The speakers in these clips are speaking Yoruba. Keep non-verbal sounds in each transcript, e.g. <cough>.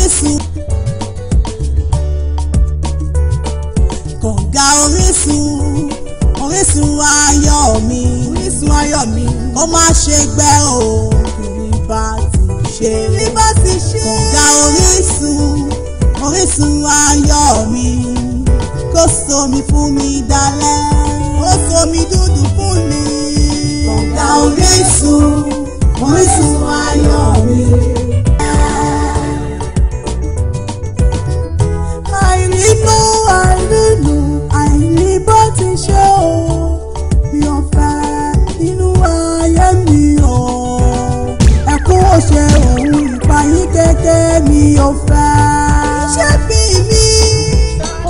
Orísun. Kọ̀ǹga Orísun. Orísun ayọ̀ mi. Orísun ayọ̀ mi. Kó má ṣe gbẹ o. Kìlíbàtì ṣe. Kìlíbàtì ṣe. Kọ̀ǹga Orísun. Orísun ayọ̀ mi. Kó somi fún mi dalẹ̀. Kó somi dúdú fún mi. Kọ̀ǹga Orísun. Orísun ayọ̀ mi. ṣe o mi ò fẹ́ nínú ayé mi o ẹkún òṣè òun ìpayín kété mi ò fẹ́. ṣé bí mi.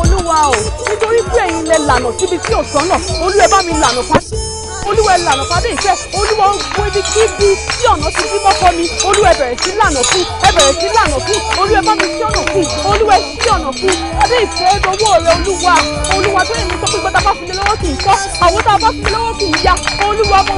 olúwa o nítorí pé ẹ̀yin lẹ lànà síbi tí ò sọ́nà olú ẹ bá mi lànà fásitì olúwa ẹ lànà fún adéyìnfẹ́ olúwa ó gbó ibi kíbi tí ọ̀nà ti dí mọ́kọ́ mi olúwa ẹ bẹ̀rẹ̀ sí lànà fún ẹ bẹ̀rẹ̀ sí lànà fún olúwa bá mi sí ọ̀nà fún olúwa ẹ sí ọ̀nà fún adéyìnfẹ́ lọ́wọ́ rẹ olúwa olúwa tó yẹ mi sọ pé gbọ́dọ̀ bá fi mi lọ́wọ́ kì í kọ́ àwọn tá a bá fi mi lọ́wọ́ kì í ya olúwa mo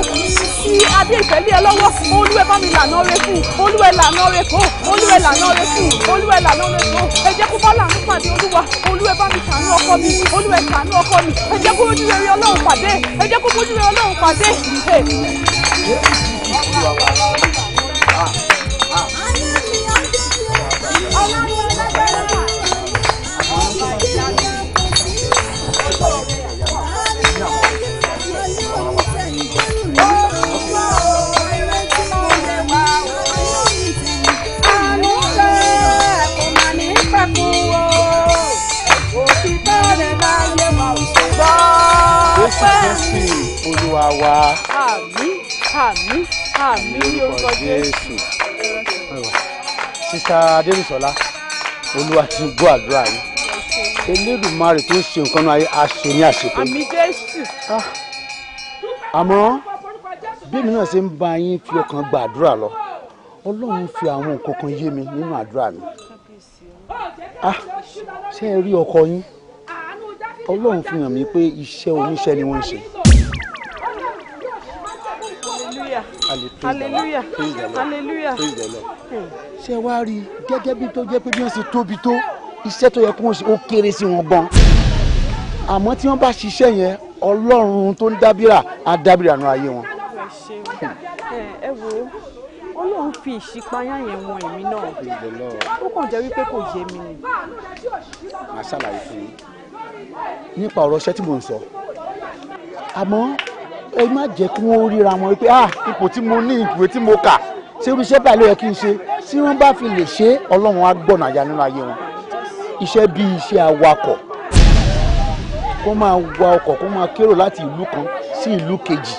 fi adéyìnfẹ́ lé ẹ lọ́wọ́ olúwa bá mi lànà rẹ fún olúwa lànà rẹ kó olúwa lànà rẹ fún olúwa lànà rẹ kó ẹ jẹ́ kó bá lànà pàdé olúwa olúwa bá mi ṣàánú ọkọ mi olúwa ẹ ọkọ mi ẹ jẹ́ kó ojú rere ọlọ́run pàdé ẹ jẹ́ kó ojú rere ọlọ́run pàdé wa. àmín àmín àmín ní orúkọ jésù. sísá adérùsọlá olúwa ti gbọ́ àdúrà yìí elédùnmarè tó ń ṣe nǹkan náà a ṣe ní àṣepé. àmín jésù. Ah. àmọ́ bí èmi náà ṣe ń bá yín fi ọkàn gba àdúrà lọ ọlọ́run fi àwọn nǹkan kan yé mi nínú àdúrà mi. Ah, ṣé ẹ rí ọkọ yín ọlọ́run fi hàn mí pé iṣẹ́ oníṣẹ́ ni wọ́n ń ṣe. hallelujah hallelujah hmm. ṣé wàá rí gẹ́gẹ́ bí tó jẹ́ pé bí wọ́n ṣe tóbi tó iṣẹ́ tó yẹ kí wọ́n ṣe ó kéré sí wọn gan àmọ́ tí wọ́n bá ṣiṣẹ́ yẹn ọlọ́run tó ń dábìrà á dábìrà nu ayé wọn. ẹ wo ọlọ́run fi ìṣípayá yẹn wọn èmi náà ó kàn jẹ́ wípé kò yé mi ni. màá ṣàlàyé fún yín nípa ọ̀rọ̀ iṣẹ́ ń sọ àmọ́ ẹ má jẹ́ kí wọ́n ríra wọn pé ah ipò tí mo ní ìwé tí mo kà ṣé irú iṣẹ́ báyìí ló yẹ kí n ṣe tí wọ́n bá fi lè ṣe ọlọ́run á gbọ̀nà àyà nínú ayé wọn iṣẹ́ bíi iṣẹ́ awakọ̀ kó máa wa ọkọ̀ kó máa kérò láti ìlú kan sí ìlú kejì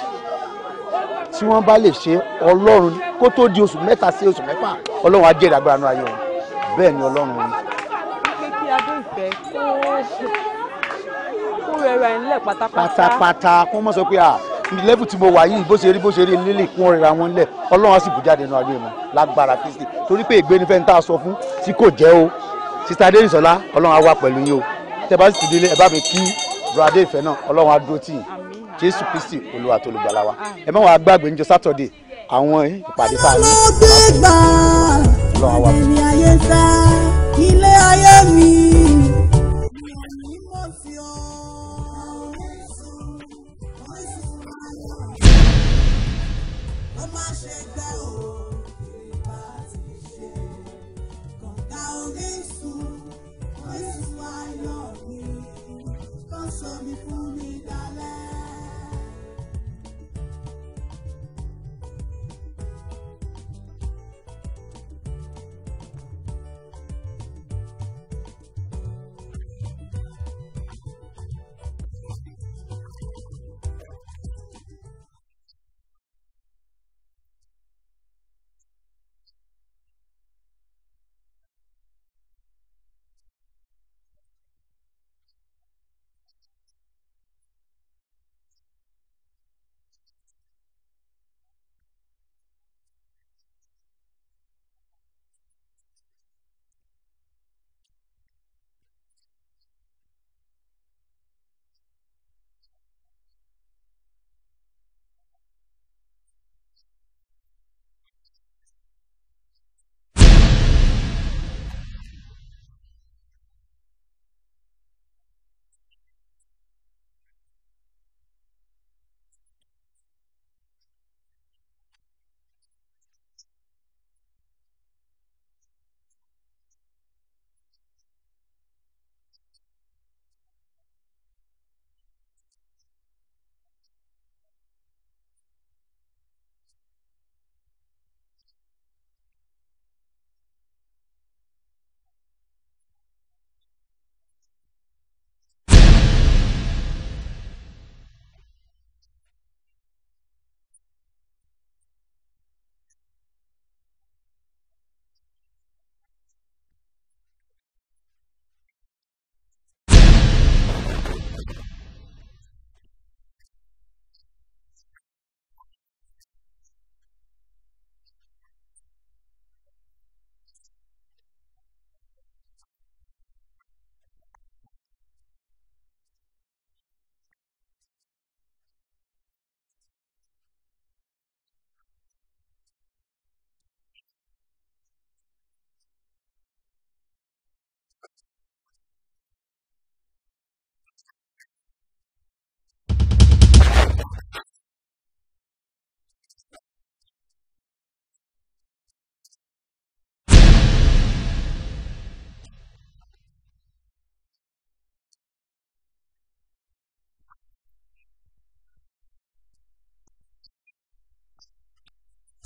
tí wọ́n bá lè ṣe ọlọ́run kó tó di oṣù mẹ́ta sí oṣù mẹ́fà ọlọ́run á jẹ́ ìdàgbára nínú ayé wọn bẹ́ẹ̀ ni ọlọ́run ni. kó kó rẹra ẹ̀ ńlẹ̀ pátápátá. pátápátá kó mọ̀ sọ pé à ah, level tí mo wà yìí bó ṣe rí bó ṣe rí lílì kún ọ̀rẹ́ra wọn lẹ̀ ọlọ́run á sì bùjáde nínú ayé mi lágbára kristi torí pé ìgbéni fẹ́ni tá a sọ fún tí kò jẹ́ o sista adéyìnsọ́lá ọlọ́run á wà pẹ̀lú yín o tẹ́ bá sì ti délé ẹ bá mi kí bùrọ̀dé ìfẹ́ náà ọlọ́run á dúró tì yín jésù kristi olúwa tó lùgbàlà wa ẹ má wàá gbàgbé níjọ́ sátọ̀dé àwọn eh, ìpàdé tá ní ọlọ́run á wà pẹ̀lú yín.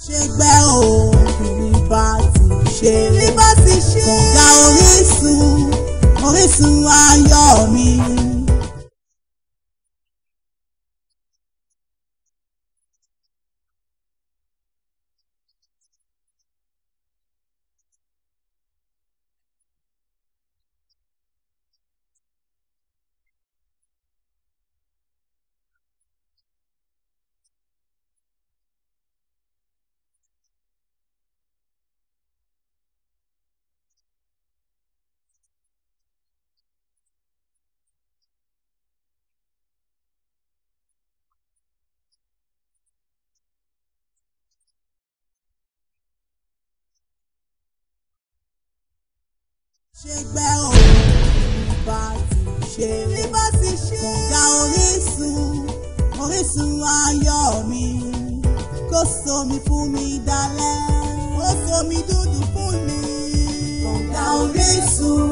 ṣe gbẹ́ òun bí bá ti ṣe. bí ti ṣe. Shake òun bá ti ṣe bí bá ti ṣe kọ̀ǹga orísun orísun ayọ̀ mi kó somi fún mi dalẹ̀ kó somi dúdú fún mi kọ̀ǹga orísun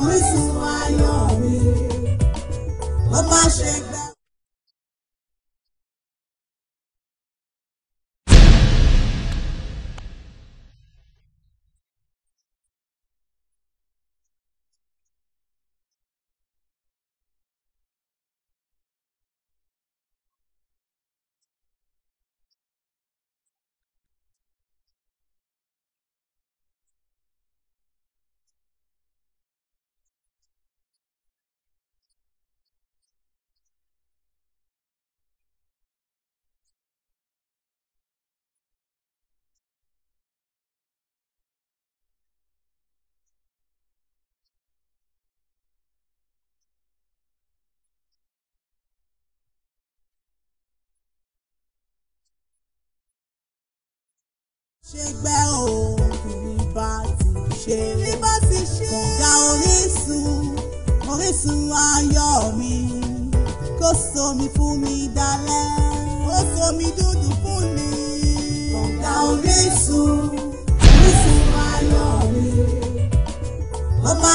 orísun ayọ̀ mi ó ṣègbè o bí ti ṣe bí ti ṣe kọ̀ǹga orísun orísun ayọ̀ mi kó somi fún mi dalẹ̀ ó somi dúdú fún mi kọ̀ǹga orísun orísun ayọ̀ mi ó má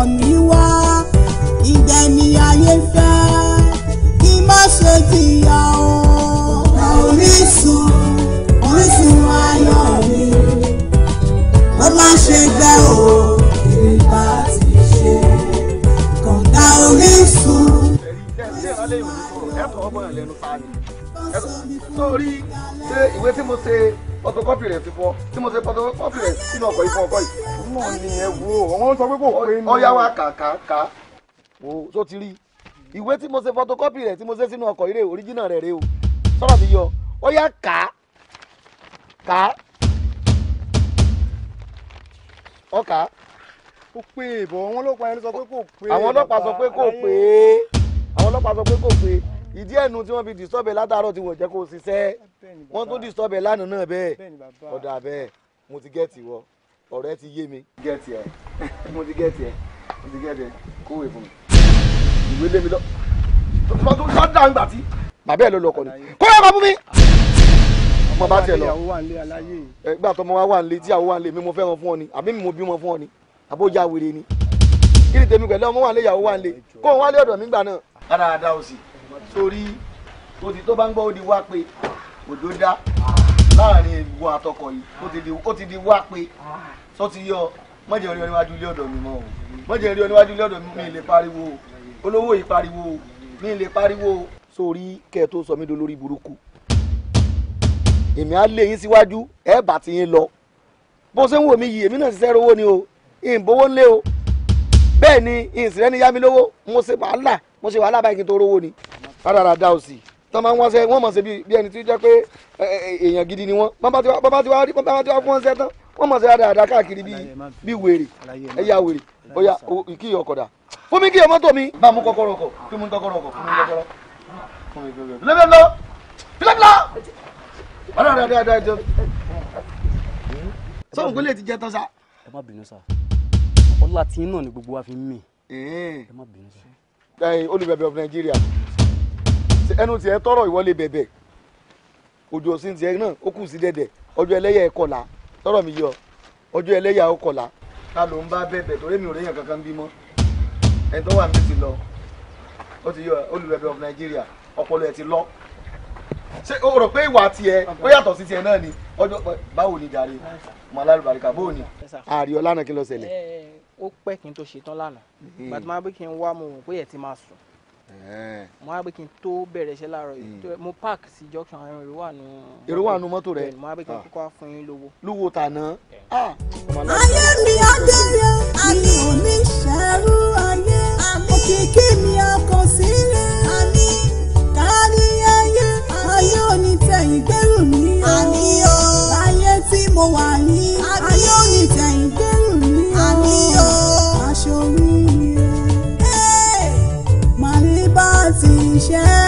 ọ̀rọ̀ mi wá ìgbẹ́ ni ayé fẹ́ kí má ṣe jìyà o. orísun orísun ayọ̀ mi ó má ṣe gbẹ o ìrìbá ti ṣe kọ̀ǹda orísun. ẹ̀kọ́ ọmọ ẹ̀ pa ni sórí ìwé tí mo ṣe photocopy rẹ̀ ti fọ́ tí mo ṣe photocopy rẹ̀ sínú ọkọ̀ yìí fún ọkọ̀ yìí. mo ní ẹ wo wọn sọ pé kò pé ní. ọyá wa kà kà kà o tó ti rí ìwé tí mo ṣe photocopy rẹ̀ tí mo ṣe sínú ọkọ̀ yìí rè original rẹ̀ rè o sọ̀rọ̀ mi yọ ọyá kà kà ọkà. ó pé ìbọn àwọn ọlọ́pàá yẹn sọ pé kò pé. àwọn ọlọ́pàá sọ pé kò pé àwọn ọlọ́pàá sọ pé kò pé ìdí ẹnu tí wọ́n fi disturb ẹ tí wọ́n jẹ́ kó ṣiṣẹ́ wọ́n tún disturb lánàá náà bẹ́ẹ̀ ọ̀dà bẹ́ẹ̀ mo ti gẹ́ẹ̀tì wọ ọ̀rẹ́ ti yé mi. gẹ́ẹ̀tì <laughs> ẹ mo ti gẹ́ẹ̀tì ẹ mo ti gẹ́ẹ̀tì ẹ kó wè fún mi ìwé lé mi lọ lọ́dà ń gbà tí. bàbá ẹ ló lọ kọ ni kó yẹ kọ fún mi. ọmọ bá tiẹ̀ lọ ẹgbà tọmọ wa wà nílé tíyàwó wà nílé mi mo fẹ́ràn fún ọ ni àbí mi mo bímọ fún ọ ni àbójà wèrè ni kí ni tèmi pẹ̀lú ọmọ wà nílé ìyàwó wà nílé kó wọn wá lé ọ̀dọ̀ mi gbà náà. dáadáa o sì sórí òdì tó bá ń gbọ́ ó di wá pé òjò dá láàrin ìwọ àtọkọ yìí ó ti di wá pé tó ti yọ mọ̀jẹ̀ rí ọ ilé ọ̀dọ̀ mi mọ́ o mọ̀jẹ̀ rí ọ ilé ọ̀dọ̀ mi lè pariwo o olówó yìí pariwo o mi lè pariwo o. sórí kẹ́ ẹ tó sọ mí do lórí burúkú èmi á lé yín síwájú ẹ bá ti yín lọ bó ṣe ń wò mí yìí èmi náà ṣiṣẹ́ rówó ni o ìbówó ń lé o bẹ́ẹ̀ ni ìsìnrẹ́ni yá mi lówó mo ṣe wàhálà mo ṣe wàhálà báyìí kí n tó rówó ni rádaràda òsì tán máa ń wáṣẹ wọn mọ̀ ṣe bí ẹni tí ó jẹ́ pé èèyàn gidi ni wọ́n bàbá tí wàá rí bàbá tí wàá fún ọṣẹ tán wọ́n mọ̀ sí rádaràda káàkiri bí wèrè ẹ̀yà wèrè bóyá kí ọkọ̀dà fún mi kí ọmọ tó mi. bá a mú kọ́kọ́rọ́ ọkọ̀ fún mi kọ́kọ́rọ́ ọkọ̀ fún mi kọ́kọ́rọ́ fún mi kọ́kọ́rọ́ fún mi kọ́kọ́rọ́ fún mi kọ́kọ́rọ́ sọ́run kò lè ti jẹ tán sa. ẹ má bínú sa ọlá tí náà ni gbogbo wa fi ń mì. ẹ má bínú sa. olùbẹ̀bẹ̀ of Nigeria ẹnu tiẹ̀ tọrọ ìwọlé bẹ̀bẹ̀ òjò sí tiẹ̀ náà ó kù sí dẹ̀dẹ̀ ọjọ́ ẹlẹ́yà ẹ̀ kọ̀la tọrọ mi yọ ọjọ́ ẹlẹ́yà ó ta ló ń bá bẹ̀bẹ̀ torí mi ò réyàn kankan bímọ ẹni tó wà mí ti lọ ó ti yọ olùrẹ̀bẹ̀ of Nigeria ọpọlọ ẹ̀ ti lọ ṣé o rò pé ìwà tiẹ̀ ó yàtọ̀ sí tiẹ̀ náà ni ọjọ́ báwo ni jàre mọ alárùbáríkà báwo ni. àríọ̀ lánàá kí ló ṣẹlẹ̀. ó pẹ́ kí n tó ṣetán lánàá hmm. gbàtí máa bí wá mo rò pé ẹ̀ ti máa sùn mo á tó bẹ̀rẹ̀ iṣẹ́ láàárọ̀ yìí mm. mo park sí junction àwọn èrò wà nù. èrò wà nù mọ́tò rẹ̀ mo á ah. kọ́kọ́ fún yín lówó. lówó tàná. Ah. ayé mi ọdẹrẹ àmì òní ṣẹrú ayé òkìkí mi ọkọ sílẹ̀ àmì kárí ayé ayé òní tẹ̀yìn gbẹ́rù mi o ayé tí mo wà 下。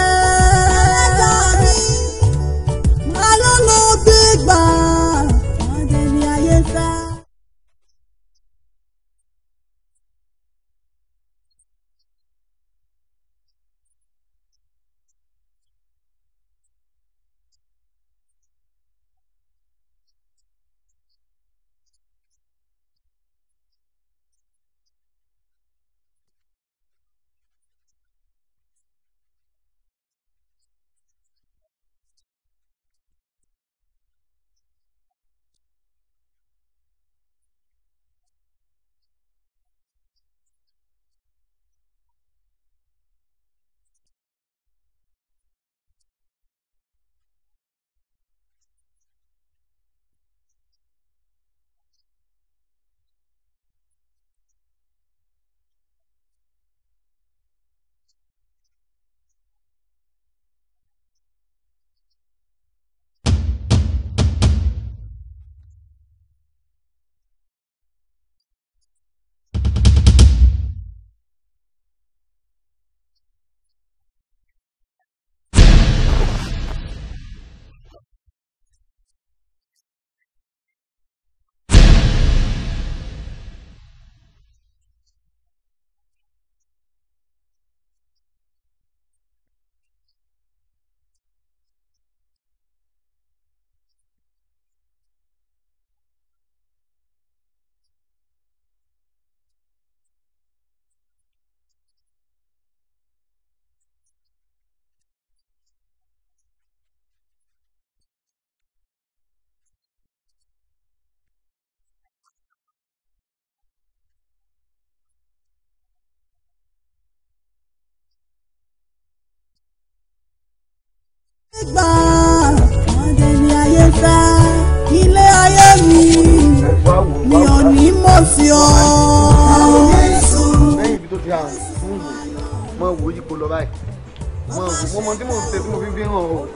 máa wo yípo lọ báyìí mo mọ tí mo ṣe tí mo fi fi hàn o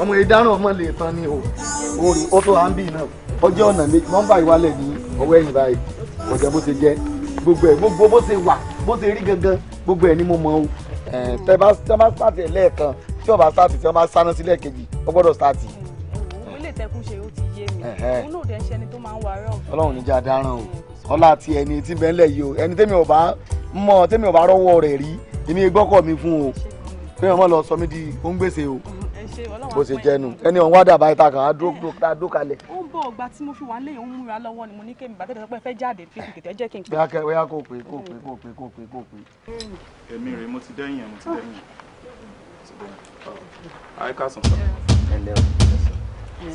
ọmọ ìdáná ọmọ lè tán ni o orí ó tó à ń bì náà ọjọ́ ọ̀nà méjì nọ́mbà ìwálẹ̀ ní ọwọ́ ẹ̀yìn báyìí ọjọ́ bó ṣe jẹ́ gbogbo ẹ̀ gbogbo bó ṣe wà bó ṣe rí gangan gbogbo ẹ̀ ni mo mọ o tẹ bá tẹ bá sáàtì ẹ̀ lẹ́ẹ̀kan tí wọ́n bá sáàtì tí wọ́n bá sáná sí lẹ́ẹ̀kejì ó gbọ́dọ̀ sáàtì. òun lè tẹkun ṣe ó ti yé mi òun náà dẹ́ ṣẹni tó máa ń wà rẹ̀ ọ̀gbìn. ọlọ́run níjà dáràn o ọlá ti ẹni tí bẹ́ẹ̀ lẹ̀ yìí o ẹni tẹ́mi ò mọ tẹ́mi ò bá rọ́wọ́ rẹ̀ rí èmi gbọ́kọ̀ mi fún o pé ọmọ lọ sọ mí di òǹgbèsè o bó ṣe jẹnu ẹni ọ̀hún wádà báyìí ta kàn á dó kalẹ̀. ó ń bọ̀ ọgbà tí mo fi wà léyìn ó múra lọ́wọ́ ni mo ní kémi bàtẹ́tẹ̀ sọpẹ́ fẹ́ jáde fi kìkìtẹ́ jẹ́ kí n pè. bóyá bóyá kò pé kò pé kò pé kò pé kò pé. èmi rèé mo ti dẹ́yìn ẹ̀ mo ti dẹ́yìn ẹ̀ ayé ká sùn sọ. ẹ lẹ́ o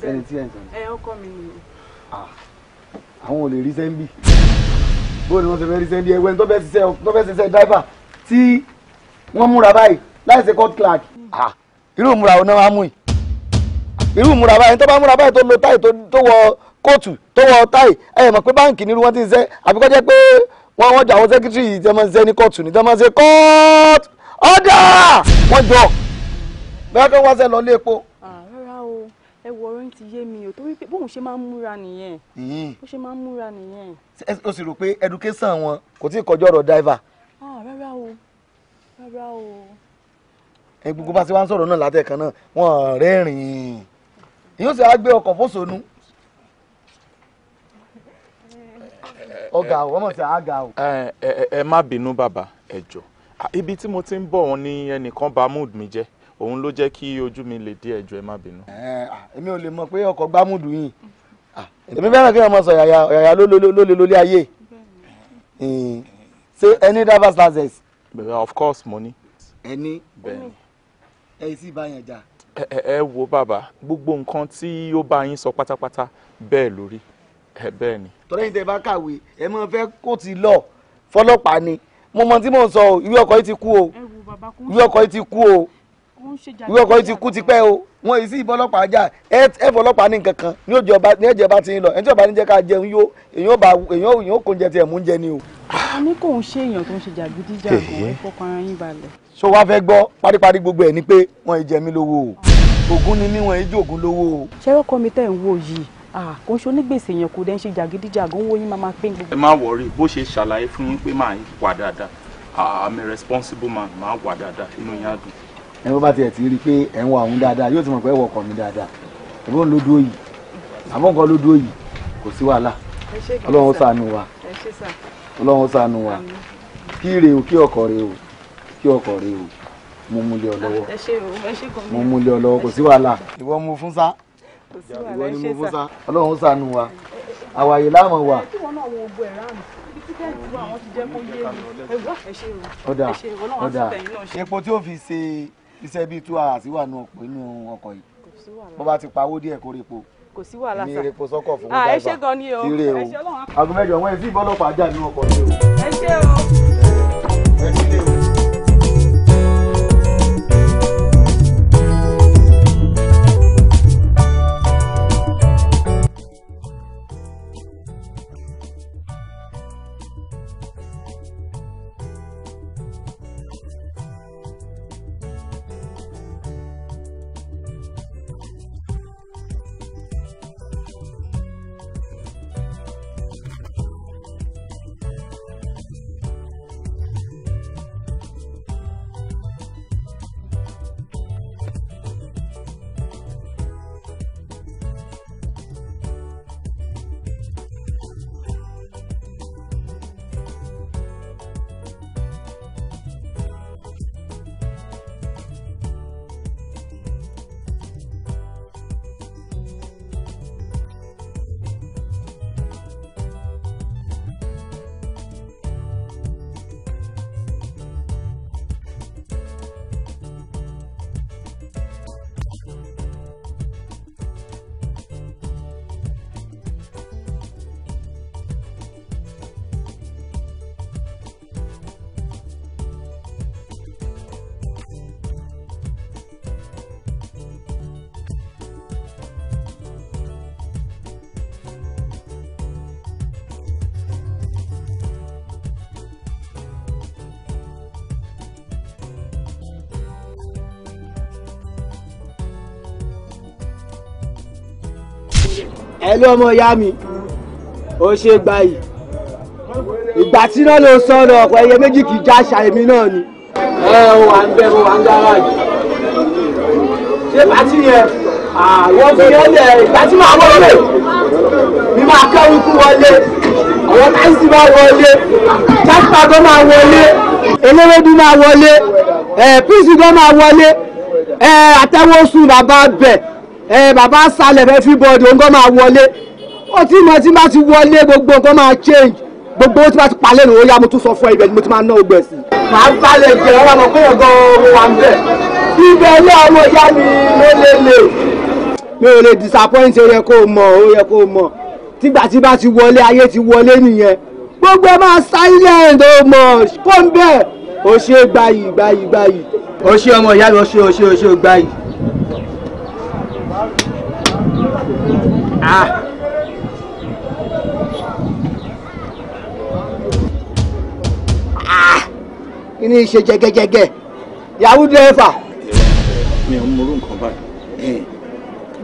sẹ́ni sọ. ẹ ọkọ mi ni. Ah, àwọn ò lè rí sẹ́ńbì bóyá wọ́n ti fẹ́ rí sẹ́ndí ẹ̀wẹ́ tó fẹ́ ṣiṣẹ́ dáìbà tí wọ́n múra báyìí láì ṣe court clerk irú múra ọ̀nà wa mú yìí irú múra báyìí tó bá múra báyìí tó lo táì tó wọ kóòtù tó wọ táì ẹ mọ̀ pé báǹkì nírú wọn ti ń ṣe àbíkọ́ jẹ́ pé wọ́n wọ́n jà àwọn sẹ́kítírì ìjẹ́ máa ń ṣe ní kóòtù ní jẹ́mọ́ ṣe court order wọ́n jọ bẹ́ẹ̀ tó wá ṣe lọ lé epo ẹ wọ orin ti yé mi o torí pé bóun ṣe máa ń múra nìyẹn bó ṣe máa ń múra nìyẹn. o sì rò pé education wọn kò tí ì kọjú ọ̀rọ̀ driver. rárá o rárá o. ẹ gbogbo bá ṣe wá ń sọ̀rọ̀ náà látẹ̀kan náà wọ́n rẹ́rìn-ín yóò ṣe wá gbé ọkọ̀ fóṣonú. ọ̀gá o ọmọ tí a ga o. ẹ má bínú bàbá ẹ jọ̀ọ́ ibi tí mo ti ń bọ̀ wọn ni ẹnìkan bà mood mi jẹ́ òun ló jẹ́ kí ojú mi lè díẹ̀ ju ẹ má bínú. èmi ò lè mọ̀ pé ọkọ̀ gbámúdù yìí èmi fẹ́ràn kí wọ́n mọ sọ yàyà ló lè lólé ayé ṣé ẹni driver's license. of course mo ní. ẹni ẹ sì bá yẹn jà. ẹ wo bàbá gbogbo nǹkan tí ó bá yín sọ pátápátá bẹ́ẹ̀ lórí ẹ bẹ́ẹ̀ ni. torí ẹni tẹ bá kàwé ẹ máa fẹ́ kó ti lọ fọlọ́pàá ni mo mọ tí mò ń sọ ìwé ọkọ̀ yìí ti kú o ìwé ọkọ̀ yìí ti kú o ìwé ọkọ yìí ti kú tipẹ́ o wọn yìí sí ìbọn ọlọ́pàá jà ẹ fọlọ́pàá ní nǹkan kan ní òjò ọba ní ẹ̀jẹ̀ bá ti ń lọ ẹni tí ọba ní jẹ́ ká jẹun yó èyàn ọba èyàn òyìn òkò jẹ tiẹ̀ mú jẹ ni o. a ní kò ń ṣe èèyàn tó ń ṣe jàgídíjàgan ẹ fọkàn ara yín balẹ̀. so wàá fẹ́ gbọ́ paríparí gbogbo ẹ̀ ni pé wọ́n ì jẹ mí lówó o ògún ni mí wọ́n ì jògún lówó o. ṣẹ́rọ́kọ mi tẹ̀ ń wò yìí kò ń ṣe onígbèsè èèyàn kò dẹ́ ń ṣe jàgídíjàgan owó yín máa máa pín gbogbo. ẹ má wọrí bó ṣe ṣàlàyé fún yín pé máa wà dáadáa i'm responsible man máa wà dáadáa inú yín á dùn ẹ bó bá tiẹ̀ ti rí i pé ẹ̀ ń wọ àwọn dáadáa yóò ti mọ̀ pé ẹ̀ wọ ọkọ̀ mi dáadáa ẹ̀ bó dúró yìí àmọ́ nǹkan ló dúró yìí kò sí wàhálà ọlọ́run ó ṣàánú wa ọlọ́run ó ṣàánú wa kí rèé o kí ọkọ̀ rèé o kí ọkọ̀ rèé o mo mú lé ọ lọ́wọ́ mo mú lé ọ lọ́wọ́ kò sí wàhálà ìwọ mú fún sá ìwọ ni mú fún sá ọlọ́run ó ṣàánú wa àwàyè láàmú wa. ọ̀dà ọ̀dà epo tí ó fi ṣe iṣẹ́ bíi two hours wà nù ọ̀pọ̀ inú ọkọ̀ yìí bó bá ti pawó díẹ̀ kó repo kò sí wàhálà sà ní erépo sọ́kọ̀ fún wọn dáìbà ire o aago mẹ́jọ wọn ẹ sí ìbọlọpàá jà nínú ọkọ̀ yìí o. ẹ ṣé o. ẹ ló ọmọ ìyá mi ó ṣe gbà yìí ìgbà tí náà ló sọ̀rọ̀ ọ̀pọ̀ ẹyẹ méjì kì í já àṣà èmi náà ni. ẹ ò wà ń bẹ mo wà ń gáràjì ṣé pàtí yẹn àwọn fi yẹn lẹ ìgbà tí màá wọlé mi máa kẹ́wù kú wọlé àwọn táìsì máa wọlé jákèjá gan máa wọlé eléwédú máa wọlé píìsì gan máa wọlé àtẹwọ́sùn bàbá bẹ̀ ẹ bàbá sálẹ̀ fẹ́ fi bọ́ọ̀dù nǹkan máa wọlé ó ti mọ̀ tí bá ti wọlé gbogbo nǹkan máa change gbogbo tí bá ti palẹ̀ nù ó yá mo tún sọ fún ẹ ibẹ̀ ni mo ti máa ná ogbẹ̀ sí. màá sálẹ̀ jẹ́ ọ́n àmọ́ pé ọ̀gọ́ wà ń bẹ̀ ibẹ̀ ní ọmọ ìyá mi ló lè lè. mi ò lè disappoint ó yẹ kó o mọ̀ ó yẹ kó o mọ̀ tígbà tí bá ti wọlé ayé ti wọlé nìyẹn gbogbo ẹ máa silent ó mọ̀ kó ń bẹ̀ ó ṣe gbayì gbayì gbayì. ó ṣe ọmọ ìyá mi ó ṣe ó ṣe ó ṣe gbayì. Ah. Ah. Ini ṣe jẹgẹjẹgẹ. Yàwó dẹ́fà. Mi ò ń morú nǹkan báyìí. Eh.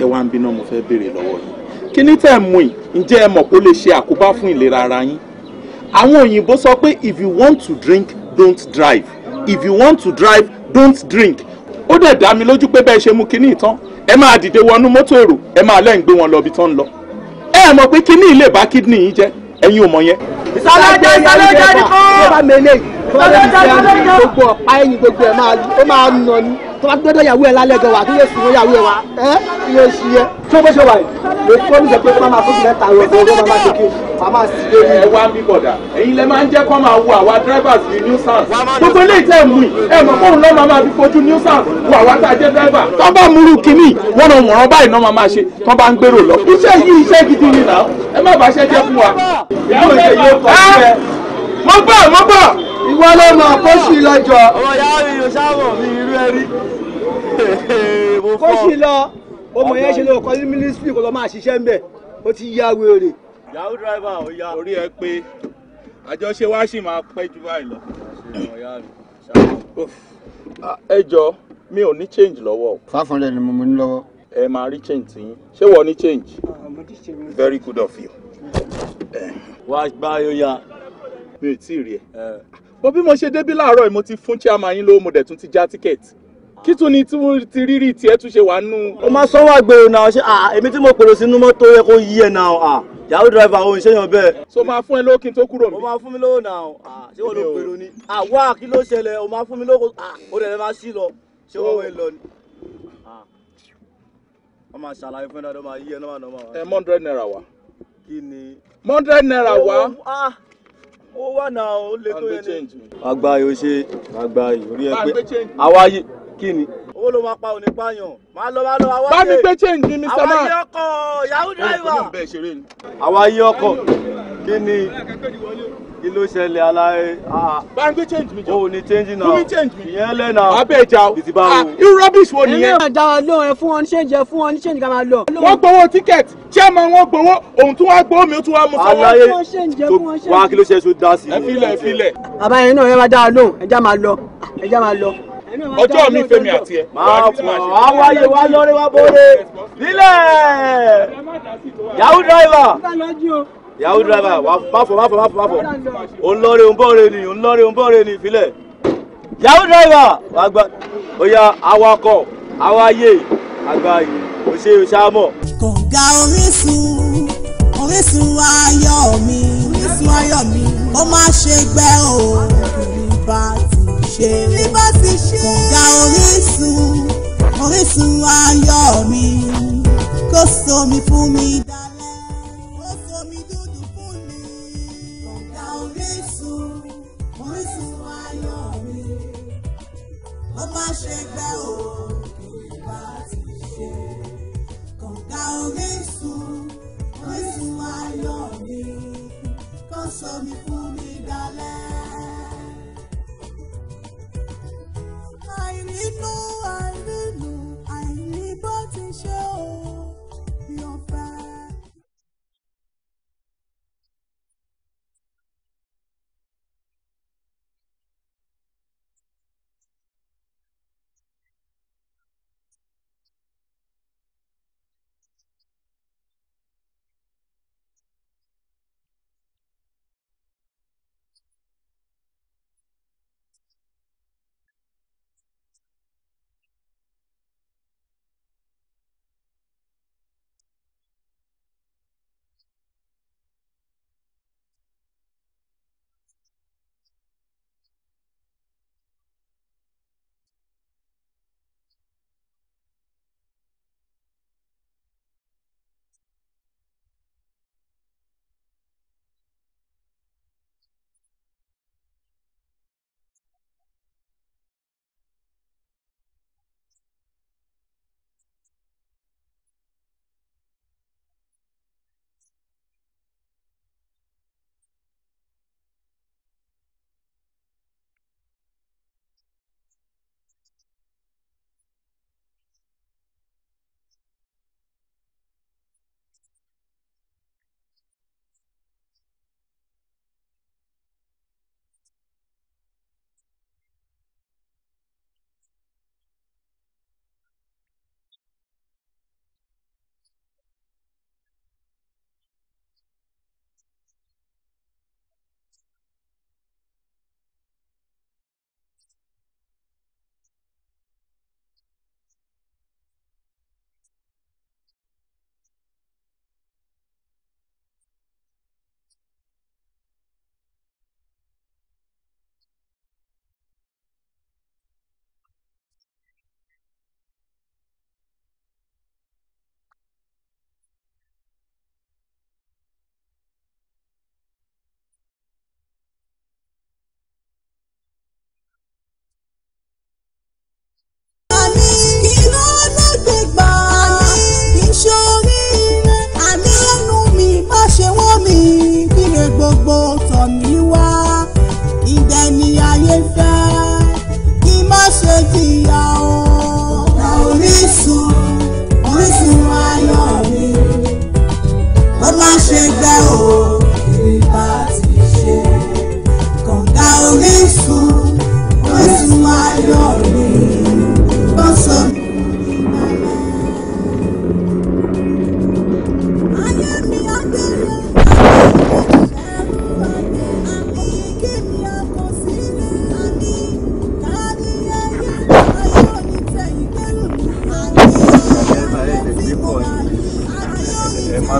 Ẹ wá ń bínú mo fẹ́ béèrè lọ́wọ́ yìí. Kí ni tẹ̀ mú yìí? Ǹjẹ́ ẹ mọ̀ kó lè ṣe àkóbá ara yín? Àwọn òyìnbó sọ pé if you want to drink, don't drive. If you want to drive, don't drink. Ó dẹ̀ dá mi lójú pé bẹ́ẹ̀ ṣe mú kinní ìtàn ẹ máa dìde wọnú mọ́tò èrò ẹ máa lẹ́yìn gbé wọn lọ ibi tán ń lọ ẹ mọ̀ pé kíní ilé bá kídìní yín jẹ́ ẹ̀yin ò mọ̀ yẹn. ìsàlẹ̀jẹ̀ ìsàlẹ̀jẹ̀ ni kò. ìsàlẹ̀jẹ̀ ìsàlẹ̀jẹ̀ gbogbo ọ̀pá ẹ̀yìn gbogbo ẹ̀ máa nọ ni. tó bá yàwó ẹ̀ lálẹ́ gan wa tó yẹ sùn yàwó ẹ̀ wa ẹ́ iye oṣù yẹ tó bó ṣe wà yìí lè fọ́ mi jẹ pé máa fún mi lẹ́ta rẹ̀ ọ̀gbọ́n máa sì ẹ wá bọ̀dà èyí drivers gbogbo ilé ìtẹ́ mú i ẹ mọ̀ náà máa fi fojú wo àwa tá a jẹ́ driver. bá kínní wọn ò báyìí lọ. iṣẹ́ yìí iṣẹ́ gidi ni náà ẹ má bàa jẹ́ fún wa. ìwọ ló mọ̀ kó sì lọ jọ. ọmọ ìyá mi yóò sábọ̀ mi irú ẹ rí. <laughs> kó sì lọ ọmọ yẹn ṣe lọ kọ́ ní mínísítì kó lọ máa ṣiṣẹ́ ń bẹ̀ ó ti yá wèrè. yahoo driver ò ya orí ẹ pé àjọṣe wa ṣì máa pẹ́ jù báyìí lọ. ẹ jọ mi ò ní change lọ́wọ́. five hundred ni mo ní lọ́wọ́. ẹ máa rí change tí yín ṣé wọ́n ah, ní change. very good of you. wá gbá yóò ya. mi ò tí ì rí ẹ. Eh bó bí mo ṣe débí láàárọ̀ mo ti fún chairman yín lówó mo dẹ̀ tún ti já tíkẹ́ẹ̀tì kí tún ni tí wọ́n ti rírì tiẹ̀ tún ṣe wà nù. ó máa sanwó àgbèrò náà ṣe èmi tí mo pèrò sínú mọ́tò yẹ kó yí ẹ̀ náà yahoo driver òun ṣéyàn bẹ́ẹ̀. so máa fún ẹ lówó kí n tó kúrò mi. o máa fún mi lówó náà ṣé wọn ló pèrò ni àwa kí ló ṣẹlẹ̀ o máa fún mi lówó o dẹ̀ lè máa ṣí lọ ṣé wọ́n wẹ̀ lọ ni. wọ́n máa ṣàlàyé fún ẹ dáadáa máa yí ẹ náà náà máa. ẹ mọ́ndrẹ́d náírà wá. kí ni. mọ́ndrẹ́d náírà wá ó wà náà ó lè tó yẹn ní. àgbà yóò ṣe àgbà yóò rí ẹ pé àwa yìí kí ni. owó ló máa pa òní pààyàn máa lọ máa lọ àwa yẹ. bá mi change ni mr man. àwa yẹ ọkọ yahoo driver. àwa yẹ ọkọ kí ni kí ló ṣẹlẹ̀ aláyé. Ah, ah. báńkì change mi jọ. o ní change náà. fún change mi. ìyẹn lẹ́nà. abẹ́jà o ah, irú rubbish wo nìyẹn. ilé ìjà lóhùn ẹ fún wọn ní change ẹ fún wọn ní change ká máa lọ. wọ́n gbowó ticket chairman wọ́n gbowó òun tún wá gbowó mi ó tún wá mú fọwọ́. aláyé tó wá kí ló ṣe é so sí i. ẹ filẹ̀ ẹ filẹ̀. bàbá yẹn náà ẹ máa dá a lóhùn ẹ máa lọ ẹ máa lọ ọjọ́ mi fẹ́mi àti ẹ̀. máa fún ọ wáyé wá lọ́rẹ́ wá bóore nílẹ̀ yahoo driver yahoo driver wà máfọ̀ máfọ̀ máfọ̀ máfọ̀ òun lọ́ọ̀rẹ́ òun bọ́ọ̀rẹ́ ni òun lọ́ọ̀rẹ́ òun bọ́ọ̀rẹ́ ni ìfilẹ̀ yahoo driver wà gba oya awakọ̀ awáyé àgbà yìí kò ṣe ìṣàmọ̀. kọ̀ǹga orísun orísun ayọ̀ mi orísun ayọ̀ mi ó má ṣe gbẹ o bá ti ṣe bá ti ṣe kọ̀ǹga orísun orísun ayọ̀ mi kó somi fún mi dá. ó má ṣe gbẹ òkè bá ti ṣe kànga orísun orísun ayọ̀ mi kó sọmi mi dalẹ́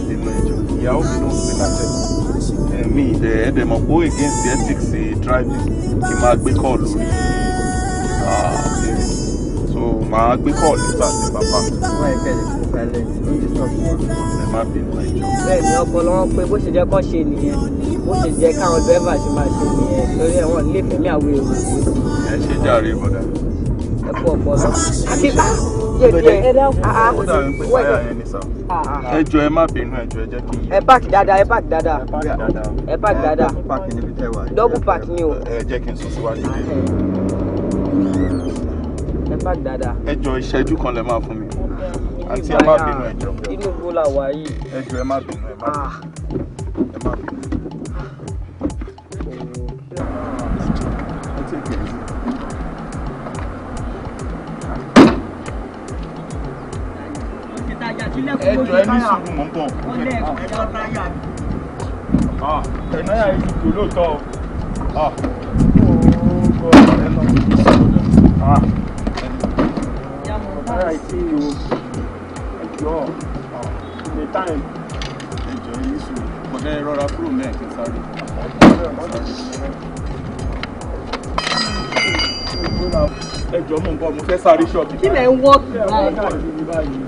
bínú ẹjọ ìyá ó bínú òfin àtẹnu ẹmí ìdẹ ẹdẹ mọ pé ó against the ethics eh, driving kí n máa gbé call lórí ah, so màá gbé call nígbà tí bàbá mi. wọ́n ẹ̀fẹ̀ lè fún silent ló ń disturb wọn. ẹ má bínú ẹjọ. bẹ́ẹ̀ ni ọpọlọ wọn pé bó ṣe jẹ́ kó ṣe nìyẹn bó ṣe jẹ́ káwọn dẹ́fà ṣe máa ṣe nìyẹn torí ẹ̀wọ̀n nílé fẹ̀mí àwọn èrò. ẹ ṣe jàre bọ̀dà. ẹ kú ọpọlọ. akíkà díẹ̀díẹ̀ ah, ah. ẹ jọ̀ọ́ ẹ má bínú ẹ jọ̀ọ́ ẹ jẹ́ kí n yẹ. ẹ páàkì dáadáa ẹ páàkì dáadáa ẹ páàkì dáadáa dọ́bù páàkì ni o. ẹ jẹ́ kí n sún síwájú dé. ẹ páàkì dáadáa. ẹ jọ̀ọ́ ìṣẹ́jú kan lẹ máa fún mi àti ẹ má bínú ẹ jọ̀ọ́. inú igbó wà yìí. ẹ jọ̀ọ́ ẹ má bínú ẹ má bínú. Ah. ẹjọ́ ẹ ní sùúrù mọ̀ ń bọ̀. Ah, ẹ̀náyà ìdìbò lóòótọ́ o. ẹ̀náyà ìdìbò ẹjọ́ ìdè táìm. ẹjọ́ ẹ ní sùúrù bọ̀dẹ́ rọra kúrò mẹ́ẹ̀kẹ́ sáré. ẹjọ́ mọ̀ ń bọ̀ mo fẹ́ sáré ṣọ́ọ̀bù. kí lẹ̀ ń wọ́ọ̀kì báyìí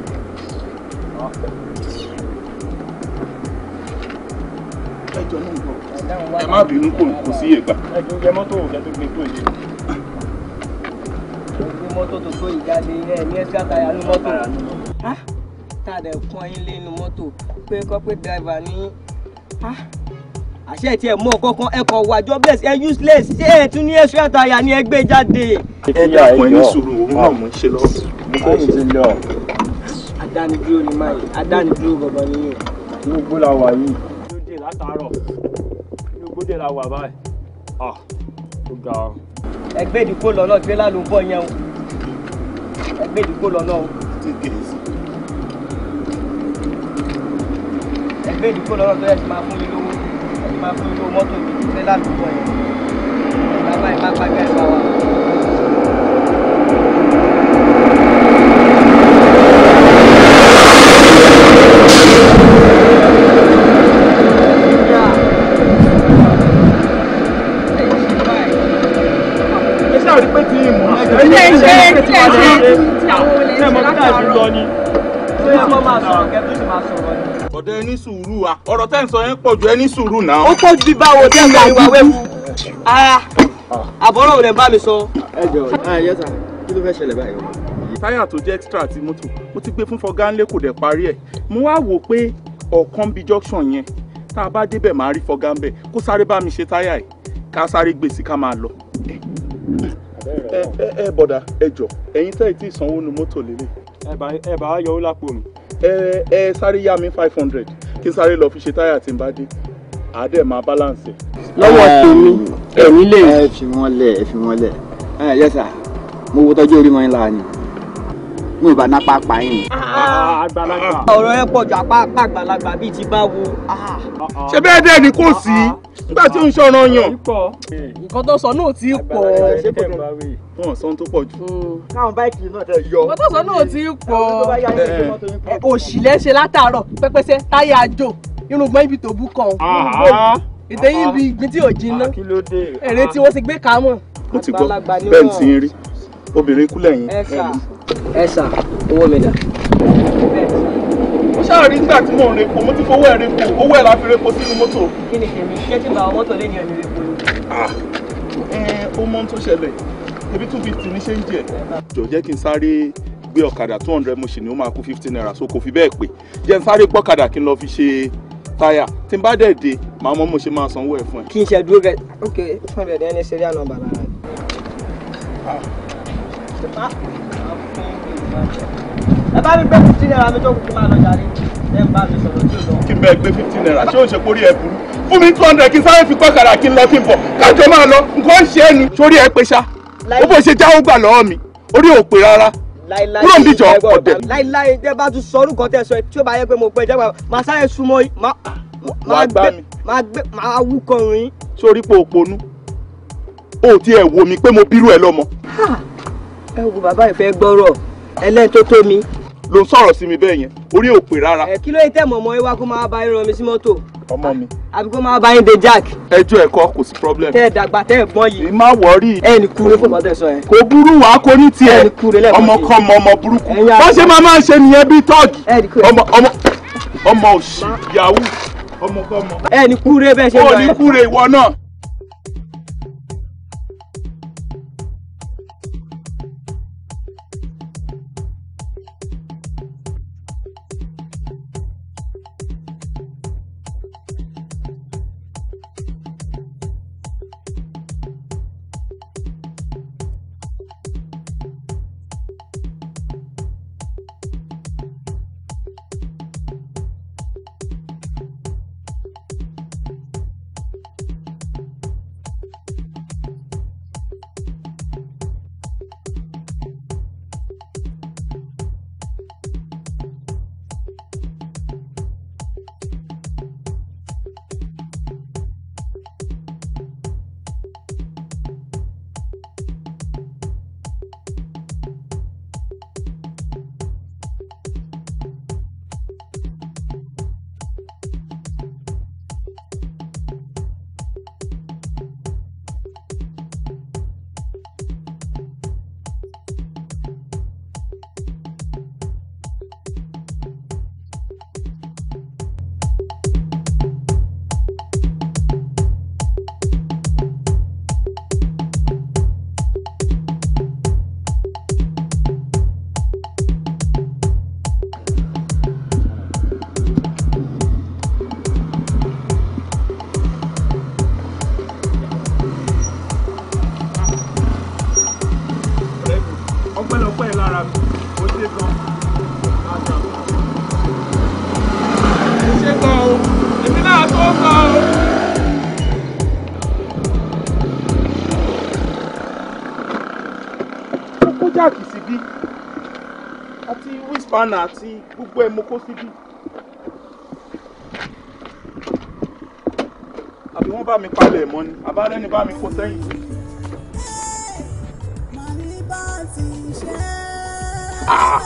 ẹ má bínú kò kò sí ìgbà. ẹ jọ jẹ mọ́tò òkè tó gbé tó yìí. ojú mọ́tò tó tó ìjáde ẹ ní ẹ́síkà táyà ní mọ́tò. tá a dẹ̀ kọ́ yín lẹ́nu mọ́tò pé kọ́pẹ́ dráìvà ní àṣẹ tí ẹ mọ kankan ẹ kàn wà jobless ẹ useless ṣé ẹ tún ní extra tire ni ẹ gbé jáde. ẹ dàpọ̀ ẹ ní sùúrù òun náà mò ń ṣe lọ́wọ́ adánidúró ni máa yìí adánidúró gbọ̀ngàn ni yìí. inú gbó la wà yìí. inú dé látàárọ̀ inú gbó dé la wà báyìí ah, ó ga ọ. ẹgbẹ́ ìdíkó lọ́nà tírélà ló ń bọ̀ yẹn o ẹgbẹ́ ìdíkó lọ́nà o. E ẹgbẹ́ ìdíkó lọ́nà tó yẹ ti máa fún mi lówó ẹ ti máa fún mi lówó mọ́tò mi tírélà ló ń bọ̀ yẹn. bàbá ẹ má gbàgbé ẹ bá wa. ní sùúrù wa ọ̀rọ̀ tẹ́ ń sọ yẹn pọ̀ ju ẹ ní sùúrù náà. ó pọ̀ ju báwo tẹ́ ń gba ìwà wẹ́wù. Ah, ah, àbọ̀rọ̀ rẹ̀ bá mi sọ. ẹ jọ ẹ ah, kí ló fẹ́ ṣẹlẹ̀ báyìí. táyà tó jẹ́ extra ti mọ́tò ó ti gbé fún fọgánlé kò dẹ̀ parí ẹ̀ mo wá wò pé ọ̀kan bíi junction yẹn tá a bá débẹ̀ máa rí fọgánbẹ̀ kó sáré bá mi ṣe táyà ẹ̀ ká sáré gbèsè ká máa lọ ẹ ẹ bọ̀dà ẹ jọ ẹ̀yin tẹ́ ẹ ti sanwó nu mọ́tò lélẹ̀. ẹ bá ẹ yọ ó lápò mi ẹ ẹ sáré yá mi five hundred kí n sáré lọ fi ṣe táyà tí n bá dé àádẹ́ máa balance. lọ́wọ́ tèmi ẹ̀mí lè. ẹ fi wọn lẹ ẹ fi wọn lẹ ẹ yẹ sà mo wo tọ́jú orí mọ́ yín láàánú mo ìbá náà pàápàá yín. Ah, àgbàlagbà. ọ̀rọ̀ ẹ pọ̀jù apá àgbàlagbà bíi ti báwo. Ah. ṣé bẹ́ẹ̀ dẹ́ ni kò sí. Ah, nígbà tí ń sọ̀rọ̀ yàn. nǹkan tó sọ náà ti pọ̀. wọn sọ tó pọ̀ jù. Hmm. káwọn báyìí náà tẹ yọ. nǹkan tó sọ náà ti pọ̀. òṣìlẹ̀ ṣe látàárọ̀ pẹ́pẹ́sẹ́ táyà jò irùngbọ́n ibi tó bú kan. ètè yìí ibi ìgbín tí ò jiná. Ah, èrè tí wọ́n ti gbé kámọ̀. ó ti gbọ́ bẹ́ẹ̀ ti ń rí obìnrin kúlẹ̀ yín. ẹ sà owó mi dà ṣáà rí nígbà tí mò ń repo mo ti fowó ẹ̀ repo owó ẹ̀ la fi repo sínú mọ́tò. kí ni kèmí ṣé tí bàbá mọ́tò lè ní ẹ̀mí repo ni. ẹ ó mọ tó ṣẹlẹ̀ ebi two fifty ní ṣe ń jẹ. jọ jẹ́ kí n sáré gbé ọ̀kadà two hundred mo sì ní ó máa kú fifteen naira so kò fi bẹ́ẹ̀ pé jẹ́ n sáré pọ́kadà kí n lọ fi ṣe táyà tí n bá dẹ̀ dé màá mọ̀ mo ṣe máa sanwó ẹ̀ fún ẹ. kí n ṣe dúró gẹ ok fún ẹ̀rẹ̀ ẹni serial number ẹ bá mi gbé fifteen naira mi tó kù kí máa lọ jàre ẹ ń bá mi sọ̀rọ̀ tí ò lọ. kí n bẹ gbé fifteen naira ṣé o ṣe kórìí ẹ burú fún mi two hundred kí n sáré fi pàkàrà kí n lọ kí n bọ̀ kájọ máa lọ nǹkan ṣe é ni sórí ẹ pé ṣá ó bó ṣe jáwó gbà lọ́wọ́ mi orí ò pé rárá kúrò ń bíjọ ọ̀dẹ̀. láìláì tẹ bá tún sọ orúkọ tẹ sọ ẹ tí ó bá yẹ pé mo pẹ jẹgbà máa sáré súnmọ́ máa gbé máa gbé máa wúkọ rìn. sórí pé òponú ó ti ẹ̀ wo mi pé mo bírú ẹ lọ́mọ. ẹ wo bàbá ìfẹ́ gbọ́rọ̀ ẹlẹ́ni tó tó mi ló ń sọ̀rọ̀ sí mi bẹ́ẹ̀ yẹn orí ò pé rárá. ẹ kí ló yẹ tẹ́ mọ̀mọ́ ẹ wá kó máa bá yín ran mi sí mọ́tò. ọmọ mi. àbí kó máa bá yín de jack. ẹjọ́ ẹ̀kọ́ kò sí problem. tẹ́ ẹ dàgbà tẹ́ ẹ bọ́n yìí. má wọrí. ẹ ní kúre fún ọmọdé sọ yẹn. kò burú wàá kó ní tiẹ̀ ọmọkọ́mọ ọmọ burúkú bó ṣe máa máa ṣe nìyẹn bíi tọ́ọ̀gì ọmọ òṣì kúre bẹ́ẹ̀ ṣe wọ ìpanà àti gbogbo ẹ̀ mo kó síbí. àbí wọ́n bá mi palẹ̀ mọ́ ni àbárẹ́ni bá mi kó sẹ́yìn. Ah!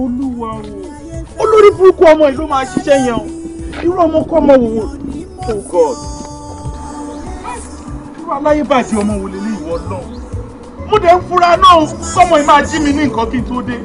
olúwa o olórí burúkú ọmọ yìí ló máa ṣiṣẹ́ yẹn o irú ọmọ kọ́ ọmọ wò oh god irú aláyébàjẹ́ ọmọ wò lélẹ́yìn ọlọ́run dẹ̀ ń fura náà kọ́mọ yìí máa jí mi ní nǹkan kí n tó dé.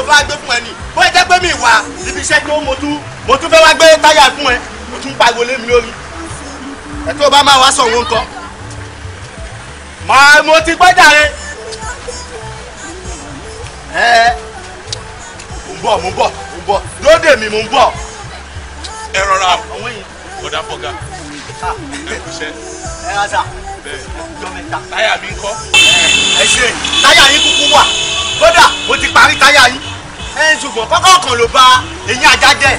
mo bá gbé fún ẹ ni bó jẹ́ pé mi wà ibi iṣẹ́ tó mo tún mo tún fẹ́ wá gbé táyà fún ẹ mo tún pariwo lé mi lórí ẹ tó bá máa wá sọ òun kọ mo ti pẹ́ jàre ẹ mo ń bọ̀ mo ń bọ̀ mo ń bọ̀ lóde mi mo ń bọ̀ ẹ rọra ọ̀dà fọ̀gà ẹ kúṣẹ́. ẹ ra táyà mi kọ́. ẹ ṣe táyà yín kúkú wà kódà mo ti parí táyà yín. ẹ ṣùgbọ́n kọ́kọ́ kan ló ba eyín ajá jẹ́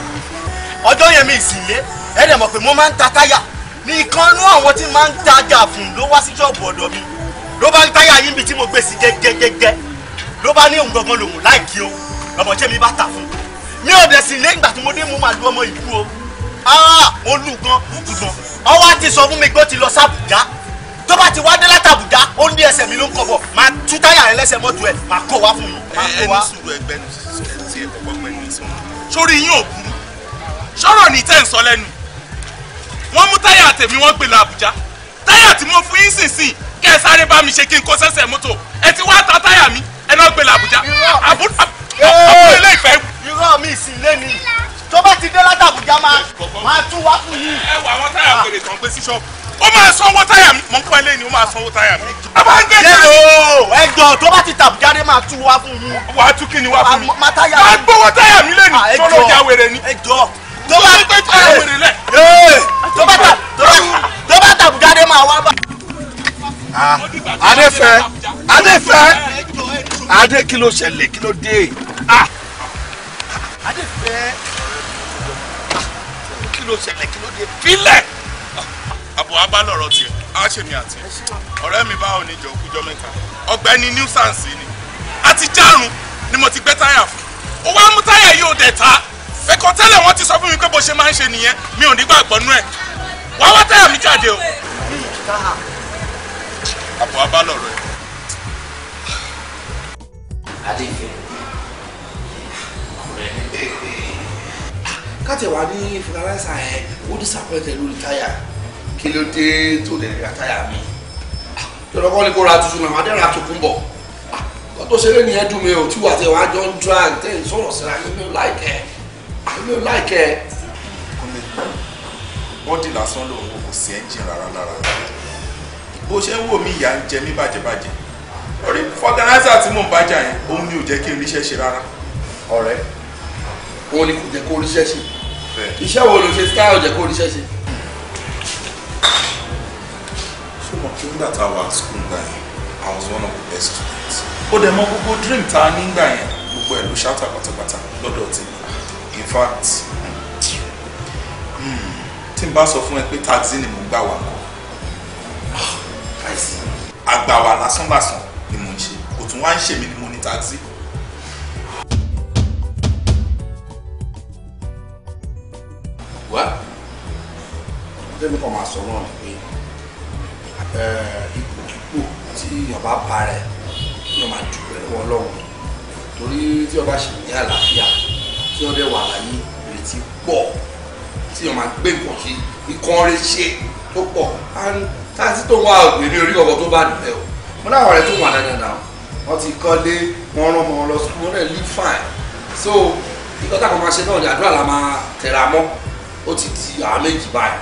ọjọ́ yẹn mi sì lé ẹ mọ̀ pé mo máa ń ta táyà nìkan inú àwọn tí máa ń tajà fún ló wá sí ṣọ́ọ̀bù ọ̀dọ̀ mi ló bá ń táyà yín bí tí mo gbé sí gẹ́gẹ́gẹ́gẹ́ ló bá ní òun gangan lòun láìkí o ọmọ mi bá tà fún mi ò dẹ̀ sì lé ìgbà tí mo dé mo máa lu ọmọ ìlú o ah olùgan ṣùgbọ́n ọwọ́ á sọ fún mi pé ti lọ sábùjá tó bá ti wá dé látàbújá ó ní ẹsẹ̀ mi ló ń kọ̀ máa tú táyà rẹ lẹ́sẹ̀ mọ́tò ẹ̀ máa kó wá fún yín. ẹ ní sùúrù ẹgbẹ́ tí ẹ kọ́kọ́ pẹ́ ní sórí yín ò burú sọ̀rọ̀ ní tẹ́ ń sọ lẹ́nu wọ́n mú táyà tèmi wọ́n gbé lọ àbújá táyà tí mo fún yín sínsìn kẹ́ ẹ sáré bá mi ṣe kí n kó sẹ́sẹ̀ mọ́tò ẹ ti wá ta táyà mi ẹ náà gbé lọ àbújá àbúrò ó máa sanwó táyà mi mọ̀ ń pọ̀ ẹ́ lẹ́ni ó máa sanwó táyà mi. abáńgẹ́ jẹ́ o. ẹ̀gbọ́n tó bá ti tàbùjá dé máa tú wá fún mi. wà á tú kí ni wá fún mi. máa táyà mi. máa gbowó táyà mi lẹ́ni tó ló jà wèrè ni. ẹ̀jọ̀ eh, eh, tó bá táyà wèrè lẹ̀. tó bá tàbùjá dé máa wá bá. Ah, adéfẹ́ adéfẹ́ adé kí ló ṣẹlẹ̀ kí ló dé. Ah. adéfẹ́ kí ló ṣẹlẹ̀ kí ló dé. filẹ̀ wàá bá lọ̀rọ̀ tiẹ̀ á ṣe mi àti ọ̀rẹ́ mi báwo ni jọ̀ọ́ kújọ́ mẹ́ta ọ̀gbẹ́ni nuisance ni a ti járun ni mo ti gbé táyà fún o wá mú táyà yìí ò dẹ̀ ta ẹ̀kọ́ tẹ́lẹ̀ wọ́n ti sọ fún mi pé bó ṣe máa ń ṣe nìyẹn mi ò ní gbàgbọ́ nú ẹ̀ wá wá táyà mi jáde o. àbọ̀ abá lọ̀rọ̀ ẹ̀. adéfẹ́ kọ́rẹ́ káàtẹ̀ wà ní fúnaláṣà ẹ̀ ó dísàpọ̀tẹ̀ lórí táyà kí ló dé tó lè ra táyà mi ah, tọ́lọ́ kọ́ ni kó ra tuntun màmá dẹ́ra tuntun bọ̀ ah, kó tó ṣeré ni ẹdùn mi ò tí wà tẹ wàá jọ ń dra tẹ ń sọ̀rọ̀ síra yín mi ò láìkẹ́ mi ò láìkẹ́. bọ́dì lásán lòun kò sí ẹ́ńjìn rárá lára bó ṣe ń wò mí ìyá ń jẹ mí bàjẹ́bàjẹ́ orí fọgànáísà tí mò ń bájà yẹn òun ni ò jẹ́ kí n ṣe rárá. ọ̀rẹ́ òun ni kò jẹ́ kó ríṣẹ́ ṣe iṣẹ́ wo ló ṣe tí káyọ̀ jẹ́ kó ríṣẹ́ ṣe ṣé mo kí that our school gbà I was one of the best students. ó dẹ̀ mọ gbogbo dream tá a ní gbà yẹn gbogbo ẹ̀ ló ṣáàtà pátápátá lọ́dọ̀ tí in fact hmm, tí n bá sọ fún ẹ pé taxi ni mo gbà wà kọ́ àgbà wà lásánlàsán ni mo ń ṣe kò tún wá ń ni mo ní taxi. What? tẹ́mi kan máa sọ náà ni pé ipòkípò tí ọba bá rẹ yóò máa dùpẹ́ lọ́wọ́ ọlọ́run torí tí ọba ṣì ní àlàáfíà tí ọdẹ wà láyé ìrètí pọ̀ tí ọba gbé nǹkan ṣe ikán rẹ ṣe tó pọ̀ táàtì tó ń wá ògbé ní orí ọkọ̀ tó bá dùpẹ́ o mo náà wà tó wà dáadáa wọ́n ti kọ́lé wọ́n rán wọn lọ sùkúl wọ́n rẹ̀ lè fine so ìkọ́tà kan máa ṣe náà ni àdúrà la máa tẹ̀ra mọ́ ó ti di àwọn méjì báyìí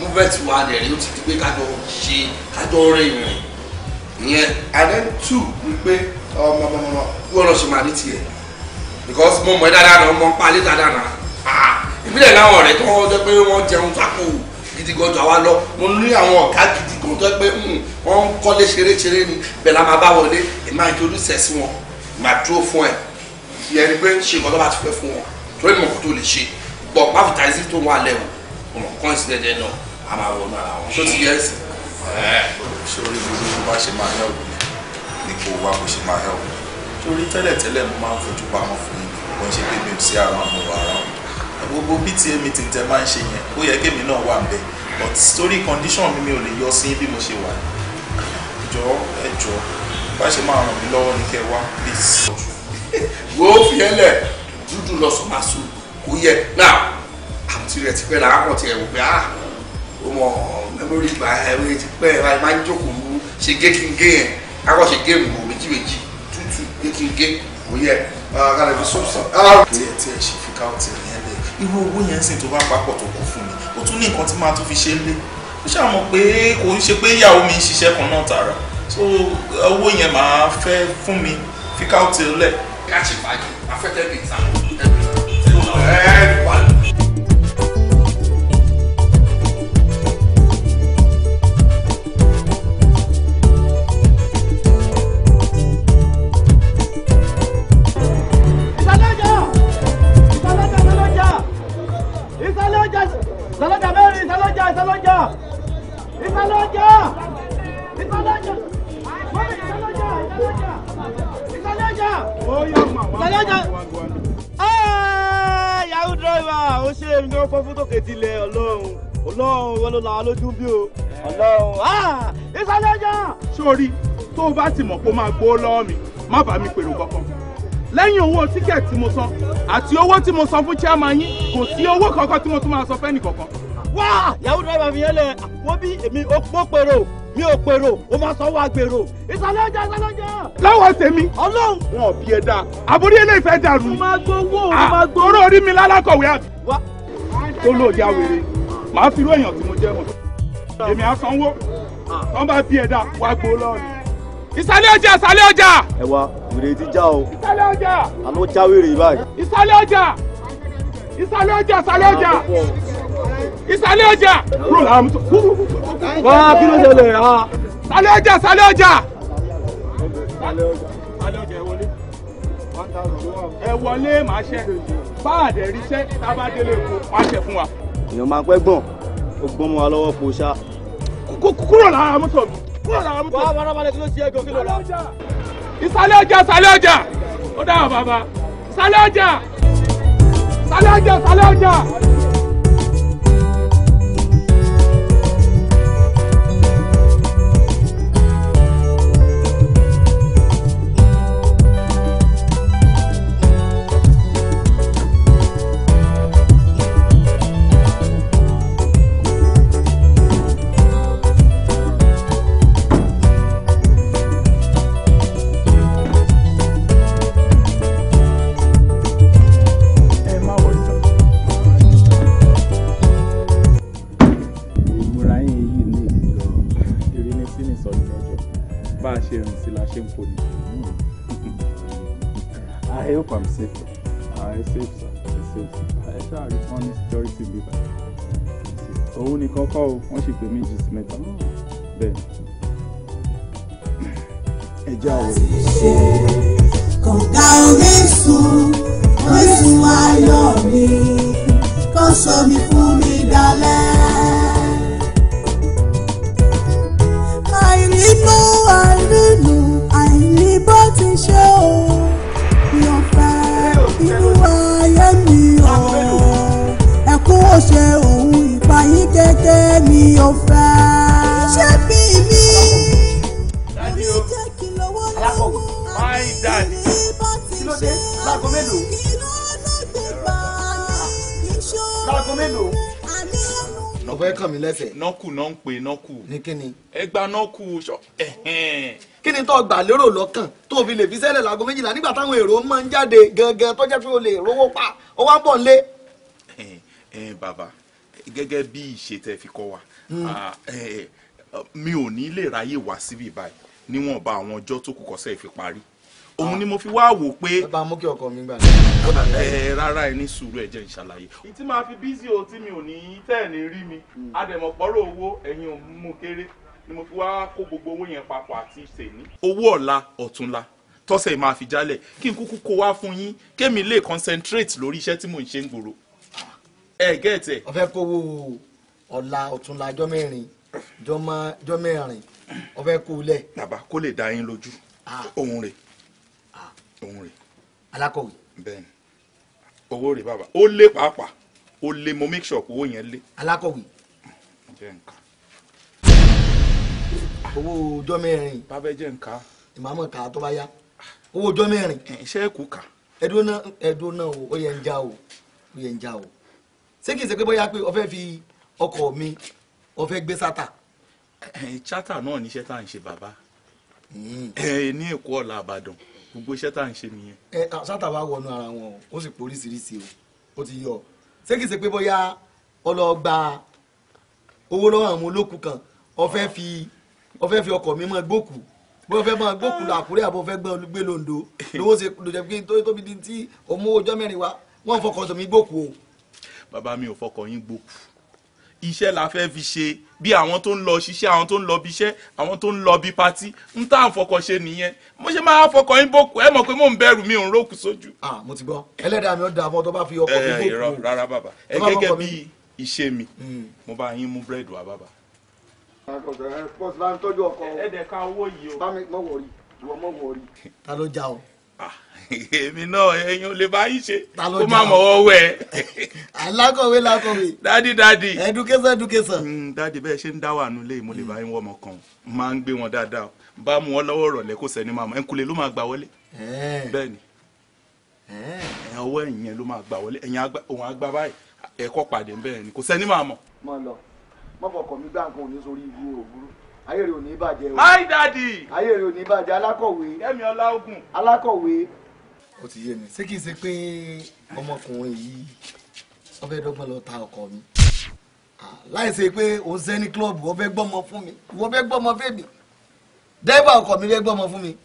movement wa rẹ̀ rí ó ti di pé kájọ ṣe kájọ rìn rìn ìyẹn and then two wípé ọmọ ọmọ ọmọ wọ́n lọ ṣe máa ní tiẹ̀ because mo mọ̀ ẹ́ dáadáa náà mo pa alẹ́ dáadáa náà ìbílẹ̀ ah, láwọn ọ̀rẹ́ tó wọ́n jẹ́ pé wọ́n jẹun sáko gidi gan jọ wa lọ mo ní àwọn ọ̀gá gidi kan tó pé hmm, wọ́n ń kọ́lé ṣeréṣeré ni bẹ́ẹ̀ la máa bá wọlé ẹ̀ máa jẹ́ olùsẹ̀ sí wọn máa dúró fún ẹ̀ ìyẹn ni pé ṣe nǹkan bá ti fẹ́ fún wọn torí mọ̀ kó tó lè ṣe gbọ̀ pàfùtàìsì tó wà lẹ́wọ̀n ọmọ kan ìsìlẹ̀ dẹ́ náà a máa wọnú ara wọn ṣó ti yẹ ẹsìn sórí gbogbo bá ṣe máa hẹ́wù ni kò wá kò ṣe máa hẹ́wù torí tẹ́lẹ̀tẹ́lẹ̀ mo máa ń fojú pamọ́ fún yín kò ń ṣe pé mi ò sí àwọn àmúwò ara wọn gbogbo bta meeting tẹ máa ń ṣe yẹn ó yẹ kémi náà wà nbẹ but torí condition mi mi ò lè yọ sí bí mo ṣe wà jọ ẹ jọ bá ṣe máa ràn mí lọ́wọ́ ní kẹ́ wá please. wo fi ẹlẹ dúdú lọ sọ máa sùn kò yẹ náà àǹtí rẹ ti pẹ́ làákọ̀ tiẹ̀ wò pé ah ọmọ mẹmórì gba ẹwé ti pẹ́ ẹ máa ń jókòó wú ṣe gé kí n gé yẹn akọ ṣe gé mọ méjì méjì tútù gé kí n gé kò yẹ ah, kálẹ̀ fi sọ́ọ̀sọ̀. tiẹ̀ tiẹ̀ ṣe fi ká ọtí ẹ̀yìn ẹ̀lẹ́ irú owó yẹn sì tó bá papọ̀ tó kù fún mi ó tún ní nǹkan tí máa tún fi ṣe lé ó ṣàmọ̀ pé kò ń ṣe pé ìyàwó mi ń ṣiṣẹ́ kan náà tààrà so owó yẹn máa fẹ́ fún mi fi ká ọtí ẹ̀lẹ́. ká ṣe fàájì afẹ́tẹ́ bíi ta ẹ̀ẹ́dì. wa lójú bí o ọlọ́run ah! ìsọlẹ̀ jọ. sórí tó o bá ti mọ̀ kó máa gbó lọ́wọ́ mi má bàa mi pèrò kankan lẹ́yìn owó tíkẹ́ẹ̀tì tí mo san àti owó tí mo san fún chairman yín kò sí owó kankan tí mo tún máa san fẹ́ni kankan. wá yahoo driver mi yẹn lẹ wọ́n bí èmi ó pọ́ pèrò mi ò pèrò ó máa sanwó agbèrò ìsàlẹ̀ ọjà ìsàlẹ̀ ọjà. lọ́wọ́ tèmi ọlọ́run wọn ò bí ẹ dáa àbúrí eléyìí fẹ́ dàrú. mo máa gbowó mo ah, máa gbowó. àtòrò orí mi lálákọ̀wé àbí. wá tó lóòjà wèrè màá fi irú èèyàn tí mo jẹ́ wọn èmi á sanwó bá bí ẹ̀dá wá gbó lọ́ọ̀nì. ìsàlẹ̀ ọjà ìsàlẹ̀ ọjà. ẹ wá wèrè ti já o. ìsàlẹ̀ ọjà. àlọ́ já wèrè báyìí. ìsàlẹ̀ ọjà ìsàlẹ̀ ọjà ìsàlẹ̀ ọjà ìsàlẹ̀ ọjà. kúrò lára mi wá kí ló ṣẹlẹ̀ ha. ìsàlẹ̀ ọjà ìsàlẹ̀ ọjà. ẹ wọlé màá ṣe bá àdẹ̀ríṣẹ́ tá a bá máa ṣe fún wa èèyàn máa pẹ́ gbọ̀n ó gbọ́n mọ́ wa lọ́wọ́ po ṣá. kúrò lára mọ́tò mi kúrò lára mọ́tò mi. wàá wàá balẹ̀ kí ló ti ẹ̀gàn kí ló rà. ìsàlẹ̀ ọjà ìsàlẹ̀ ọjà ó dáhùn bàbá ìsàlẹ̀ ọjà ìsàlẹ̀ ọjà ìsàlẹ̀ ọjà. nìkan kọ́ o wọ́n sì pé méjì sí mẹ́ta bẹ́ẹ̀ ẹ já o. kọ̀ǹga omi sun orísun ayọ̀ mi kò sómi fún mi dalẹ̀. àìnímọ̀ àìrìnù àìní ti ṣe o mi inú wa. láago mélòó. láago mélòó. ọ̀bẹ kàn mí lẹ́sẹ̀. nọ́ọ̀kù náà ń pè nọ́ọ̀kù. ní kíni. ẹ gba nọ́ọ̀kù sọ kí ni tó gbà lérò lọ́kàn tó fi lè fi sẹ́lẹ̀ láago méjìlá nígbà táwọn èrò máa ń jáde gangan tó jẹ́ pé o lè rówó pa ó wá ń bọ̀ lé. bàbá gẹ́gẹ́ bí ìṣe tẹ́ fi kọ́ wa hmm. mi ò ní lè ráyè wá síbí báyìí níwọ̀nba àwọn ọjọ́ tó kù kọ́sẹ́ fi òun ni mo fi wá wò pé. bàbá mú kí ọkọ mi gbà. ẹ rárá ẹ ní sùúrù ẹ jẹ́ ìṣàlàyé. ìtí máa fi bísí o tí mi ò ní tẹ́ ẹ̀ ní rí mi hmm. adẹ̀mọ̀pọ̀rọ̀ owó ẹ̀yin ò kéré ni mo fi wá kó gbogbo owó yẹn papọ̀ àti tèmi. owó ọ̀la ọ̀túnla tọ́sẹ̀ máa fi jálẹ̀ kí n kúkú kó wá fún yín kémi lè concentrate lórí iṣẹ́ tí mò ń ṣe ń gbòòrò. ẹ gẹ́ẹ̀tẹ̀. ọ̀fẹ́ kówó ọ̀la ọ̀túnla ọjọ́ mẹ́rin ọjọ́ mẹ́rin òun rè. alákọ̀wé. bẹ́ẹ̀ni owó rè bàbá ó lé pàápàá ó lé mo make sure owó yẹn lé. alákọ̀wé. jẹ́ nǹkan. owó ọjọ́ mẹ́rin. bàbá jẹ́ nǹkan. ìmàmù kà á tó bá yá owó ọjọ́ mẹ́rin. iṣẹ́ ẹ̀kú kà. ẹdun náà ẹdun náà o ó yẹ ń já o ó yẹ ń já o ṣé kìí ṣe pé bóyá pé o fẹ́ fi ọkọ̀ mi o fẹ́ gbé sátà. chata náà níṣẹ́ tá à ń ṣe bàbá hmm. ní èkó ọ̀la àbàdàn gbogbo iṣẹ́ tá à ń ṣe nìyẹn. ẹ sátà wá wọnú ara wọn ó sì pọ̀ oríṣiríṣi o ó ti yọ ṣé kìí ṣe pé bóyá ọlọ́gba owó lọ́wọ́ àwọn olókù kan ọ̀fẹ́ fi ọ̀fẹ́ fi ọkọ̀ mi gbókù bí wọ́n máa gbókù lọ Àkúrẹ́ àbọ̀ fẹ́ gbé London lówó ṣe lòjẹ́ pé tóbi di ti òmùwòjọ́ mẹ́rin wa wọ́n fọkọ̀ tòmí gbókù o. bàbá mi ò fọkọ̀ yín gbókù iṣẹ́ la fẹ́ fi ṣe bí àwọn tó ń lọ ṣiṣẹ́ àwọn tó ń lọ bí iṣẹ́ àwọn tó ń lọ bí patí ń tá àfọkọ̀ ṣe nìyẹn mo ṣe máa fọkọ̀ yín bókù ẹ mọ̀ pé mò ń bẹ̀rù mi ò ń rókù sójú. ah mo ti gbọ́ ẹlẹ́dàá mi ó da fún ọ tó bá fi ọkọ̀ mi eh, bókù. ẹ irọ́ rárá bàbá ẹ gẹ́gẹ́ bí iṣẹ́ mi hmm. mo bá yín mú búrẹ́dì wá bàbá. ẹ owó yìí o. ta ló já o. Ah, èmi náà ẹyin ò lè bá yín ṣe kó má mọ̀wọ́ wẹ̀. alákọ̀wé lákọ̀wé. dádì dádì. education education. Hmm, dádì bẹ́ẹ̀ ṣe ń dá wà nulẹ̀ mo lè bá yín wọ́n ọmọ kan máa ń gbé wọn dáadáa bá mu wọn lọ́wọ́ rọ̀lẹ́ kó sẹ́ni máa mọ̀ ẹ̀ńkulè ló máa gbà wọlé. bẹ́ẹ̀ ni ẹ̀yàn ọwọ́ ẹ̀yìn yẹn ló máa gbà wọlé ẹ̀yìn òun àgbà báyìí ẹ̀kọ́ pàdé bẹ́ẹ̀ ni kò sẹ́ni máa mọ̀. mo lọ mọ́fọ̀kọ̀ ayé rẹ ò o. my daddy. ayé rẹ ò ní bàjẹ́ alákọ̀wé. kẹ́mi ọlá ti yé mi ṣé kìí ṣe pé ọmọkùnrin yìí wọ́n fẹ́ lọ ta ọkọ mi láì ṣe pé òun ṣe ní kílọ̀bù wọ́n fẹ́ fún mi wọ́n fẹ́ gbọ́mọ dẹ́gbà ọkọ mi fẹ́ gbọ́mọ fún mi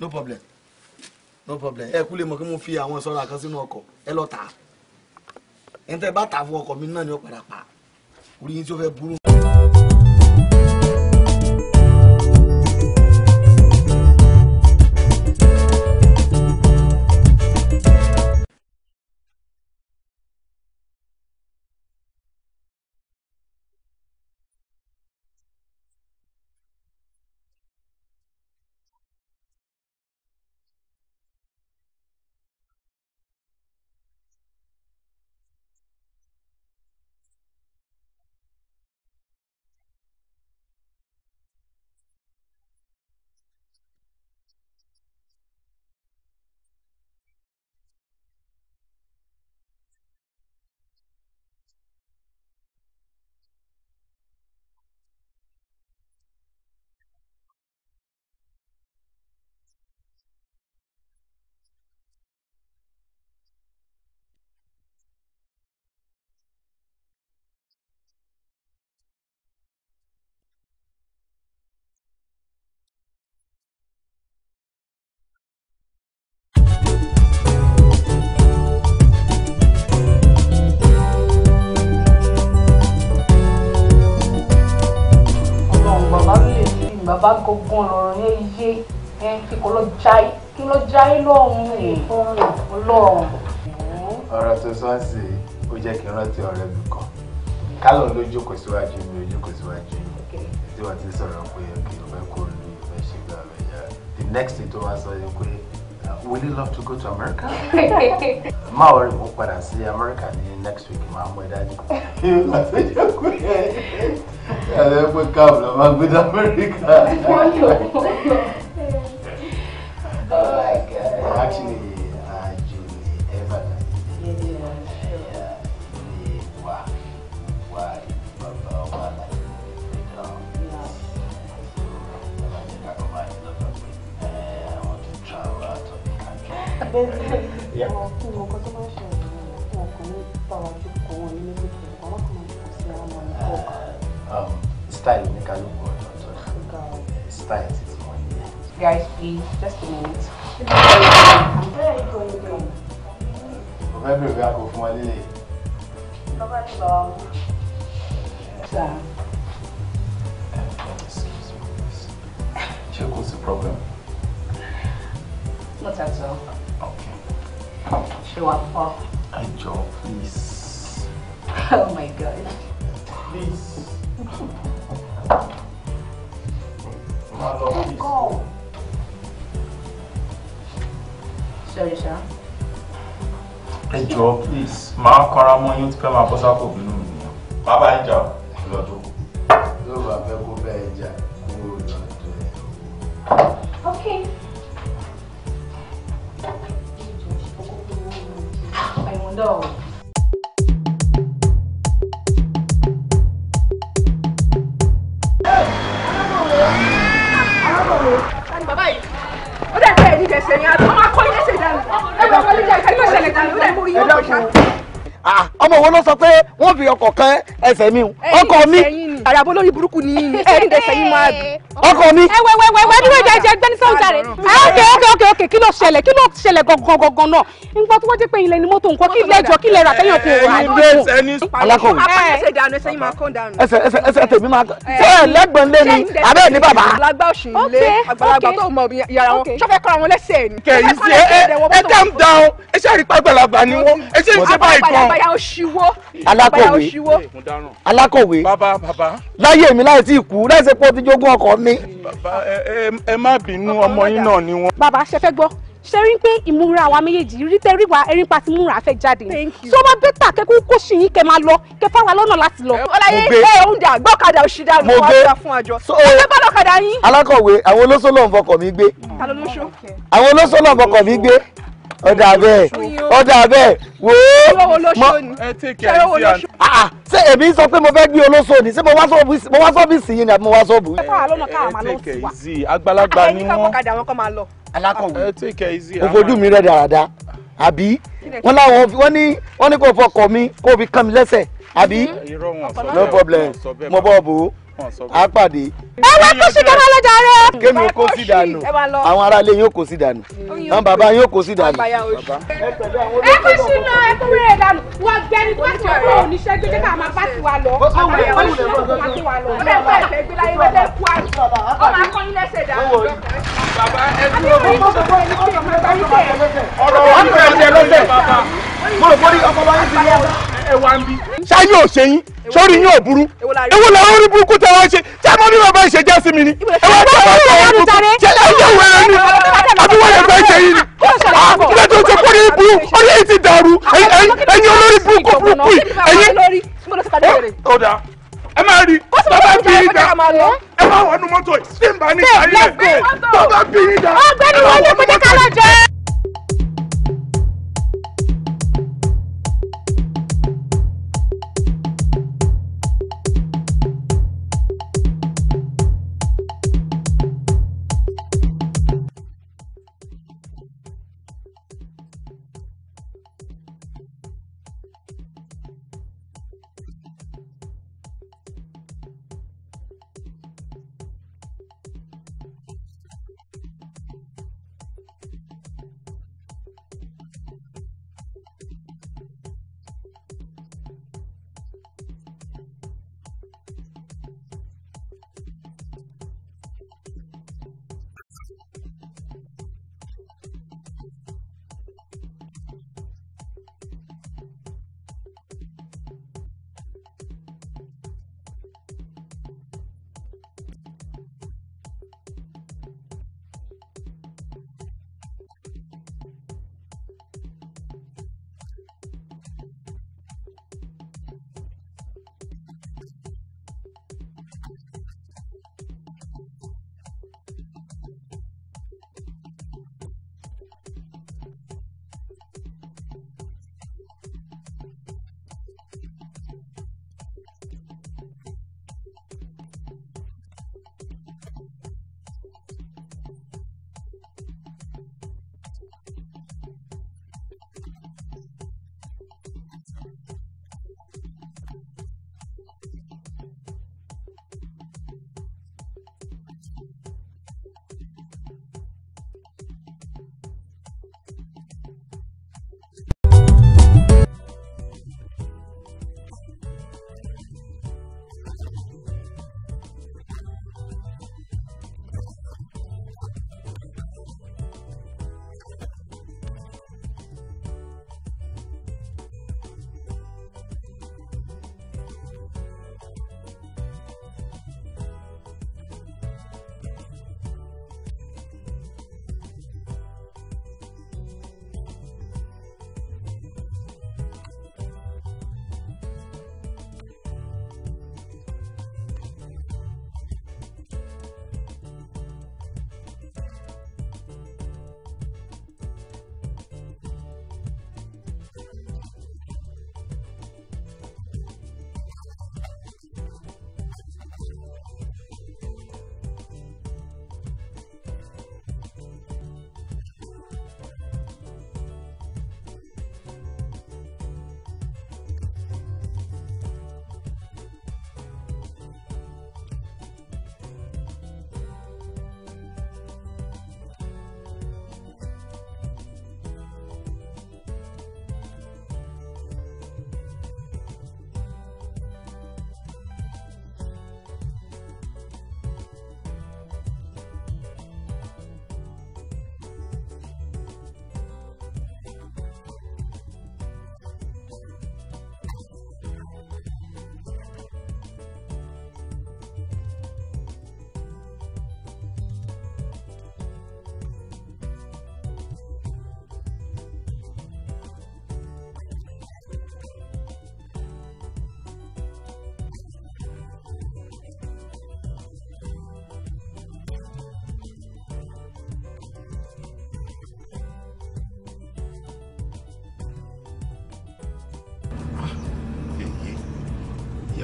no problem no problem ẹ kú lè mọ̀ kí mo fi àwọn ìṣọ́ra kan sínú ọkọ̀ ẹ lọ tà á ń tẹ́ bá tà fún ọkọ mi náà ni ó padà pa orí yín tí ó fẹ́ burú. jáì kí ló jáì lọ́hùn ọ̀rọ̀ ọlọ́run. ọ̀rọ̀ tó sọ sí ó jẹ́ kí n rántí ọ̀rẹ́ mi kan kálọ̀ ló jókòó síwájú mi ó jókòó síwájú mi tí wọ́n ti sọ̀rọ̀ pé kí n fẹ́ kó lu ìfẹ́ ṣe gbà lọ́yà the next thing tó wá sọ yẹ pé uh, will you love to go to America? <laughs> má ò rí mo padà sí America ní next week máa mú ẹ dání. kí n bá ṣe jẹ́ pé ẹ ẹ pé káàbù lọ́ọ́ máa gbé dá America. Oh my God. Actually, uh, Julie Evan. Yeah, yeah. Yeah. Julie, wow. Why? Yeah. Um, style, make a look. Style. Guys, please, just a minute. I'm very going again. Ọ̀fẹ́ bèrè àpò fún wa lélẹ̀. Bàbá ní bàbá What's the problem? Not at all. Okay. Show up pọ̀? Ẹ jọ, please. <laughs> Oh my God. Please. Let's <laughs> go. Sorry, sir. Ẹ jọ̀ọ́ please, máa kanra mọ́ yín tí fẹ́ máa bọ́ sápò bínú mi nìyẹn. Bàbá ẹ jà lọ tó kù. Yóò bá fẹ́ kó bẹ́ẹ̀ jà kúrò lọ́dọ̀ ẹ̀. Okay. Àìmọ̀dọ̀ o. Alábọ̀wé. Alábọ̀wé jẹ ṣe yẹn àtọ́ máa kọ́ yẹn ṣe dànù ẹ bá wọlé jẹ ìkàlí máa ṣẹlẹ̀ dànù lẹ́mú yìí ọkọ̀ ṣá. ọmọ wo ló sọ pé wọ́n fi ọkọ̀ kan ẹsẹ̀ mi ọkọ̀ mi àràbọ̀ lórí burúkú ni ẹ̀rín dẹ̀sẹ̀ yìí máa ọkọ mi. ẹwẹ ẹwẹ ẹwẹ ẹdúró ìjà ẹjẹ gbẹni sọjà rẹ. ókè ókè ókè ókè kí ló ṣẹlẹ̀ kí ló ṣẹlẹ̀ gangan gangan náà nǹkan tí wọ́n jẹ́ pé ilẹ̀ ni mọ́tò nǹkan kí lẹ́jọ́ kí lẹ́ra kẹ́yìn ọ̀tún òwò ni. alákọ̀wé ẹsẹ̀ ẹsẹ̀ ẹsẹ̀ tèmi máa kọ́ ṣé lẹ́gbọ̀n lé ni abẹ́ ní bàbá. àgbàlagbà òṣì ilé àgbàlagbà tó mọ yàrá wọn ṣọ́fẹ́ kọ́ra wọn lẹ́sẹ̀ ni. kẹ̀yìn sí ẹ ẹ calm down ẹ ṣe àrípa àgbàlagbà ni wọn ẹ ṣe ń ṣe báyìí kan. alákọ̀wé alákọ̀wé láyé mi láì tí ì kú láì ṣe pé o ti jogún ọkọ mi. bàbá ẹ má bínú ọmọ yín náà ni wọn. bàbá ṣe fẹ́ gbọ́ ṣe rí pé ìmúra àwa méjèèjì rí tẹ́rí wa erin pa ti múra fẹ́ jáde ni tí ó bá bẹ́tà kẹ́kọ́ kó sì yín kẹ́ máa lọ kẹ́ fáwa lọ́nà láti lọ. ọláyé ẹ oúnjẹ àgbọ̀kadà òṣìdá mi wọ́n á fún àjọ. ọjọ́ bọ́lọ̀kadà yín. alákọ̀wé àwọn olóṣòlò ń fọkọ̀ mi gbé ó dà bẹ́ẹ̀ ó dà bẹ́ẹ̀ wò ó mọ ah, ah. ṣé èmi sọ pé mo fẹ́ gbé olóṣò ni ṣé mo wá sọ́ọ̀bìsì yìí ni àbí mo wá sọ́ọ̀bù. ẹ tẹkẹ ìzì àgbàlagbà ni wọn alákọ̀wé òfojú mi rẹ̀ dáadáa àbí wọn láwọn wọn ní wọn ní kò fọkọ mi kó fi kàn mí lẹ́sẹ̀ àbí no problem mo bọ̀ bò ó a pàdé. ẹ wá kó sí kẹ́má lọ́jà rẹ. kémi kó sí dànù àwọn ará ilé yóò kó sí dànù àwọn bàbá yóò kó sí dànù. ẹ kó sí lọ ẹ kó rẹ dànù wọ́n gbẹ́ni tó ti kúrò oníṣẹ́ gbé jẹ́ ká máa bá tiwa lọ. àwọn ẹ̀ wọ́n ṣe lọ́kùn máa tiwa lọ. ọ̀rẹ́ ẹ̀kọ́ ẹ̀fẹ́ gbé láyé wọ́n fẹ́ kú àrùn. ó máa kọ́ ní lẹ́sẹ̀ dànù. bàbá ẹ dúró mi. ọ̀rọ̀ wọn fẹ́ẹ́ jẹ lọ́sẹ̀. mo rò pé ọkọ̀ bá yín ti lọ ẹ wá ń bí. ṣáyé ò ṣe yín sórí yín ò burú ewu làwọn orí burúkú tẹ wọn ṣe tí a mọ bí bàbá ìṣe jẹ sí mi ni ewu àti bàbá ìṣe wọn burúkú ṣe ẹ yẹ wẹrẹ ni àbí wọn lè fẹ ṣe yín ni a ah, nígbà tó ṣe kórè burú orí yìí ti dàrú ẹyin olórí burúkú burúkú yìí ẹyin. ọ̀dà ẹ máa rí bàbá bí yín dá ẹ máa wọnú mọ́tò tí n bá ní sáyé bàbá bí yín dá ẹ máa wọnú mọ́tò.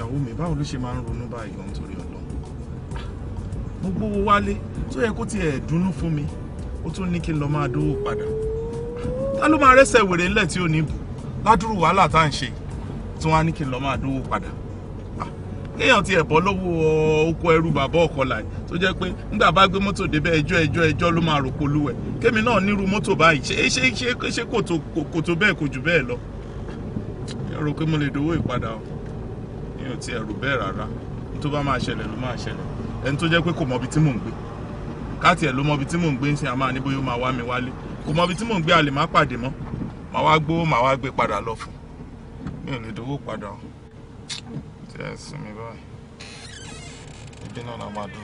ìyàwó mi báwo ló ṣe máa ń ronú báyìí ohun torí ọlọ mo gbówó wálé tó yẹ mi ó tún ní kí n lọ máa dówó padà ta ló máa wèrè tí ò ní bù wàhálà tá à ń bàbá tó jẹ́ pé nígbà bá gbé mọ́tò débẹ̀ ẹjọ́ ẹjọ́ ẹjọ́ ló máa lúwẹ̀ kémi náà nírú mọ́tò báyìí kò lọ ò tiẹ̀ rò bẹ́ẹ̀ rárá tó bá máa ṣẹlẹ̀ ló máa ṣẹlẹ̀ ẹni tó jẹ́ pé kò mọ ibi tí mò ń gbé káàtì ẹ̀ ló mọ ibi tí mò ń gbé ń sin àmà níbo yóò máa wá mi wálé kò mọ ibi tí mò ń gbé a lè má pàdé mọ́ màá wá gbó màá wá gbé padà lọ fún mi ò lè dówó padà o tí ẹ sinmi báyìí ibi náà la máa dó.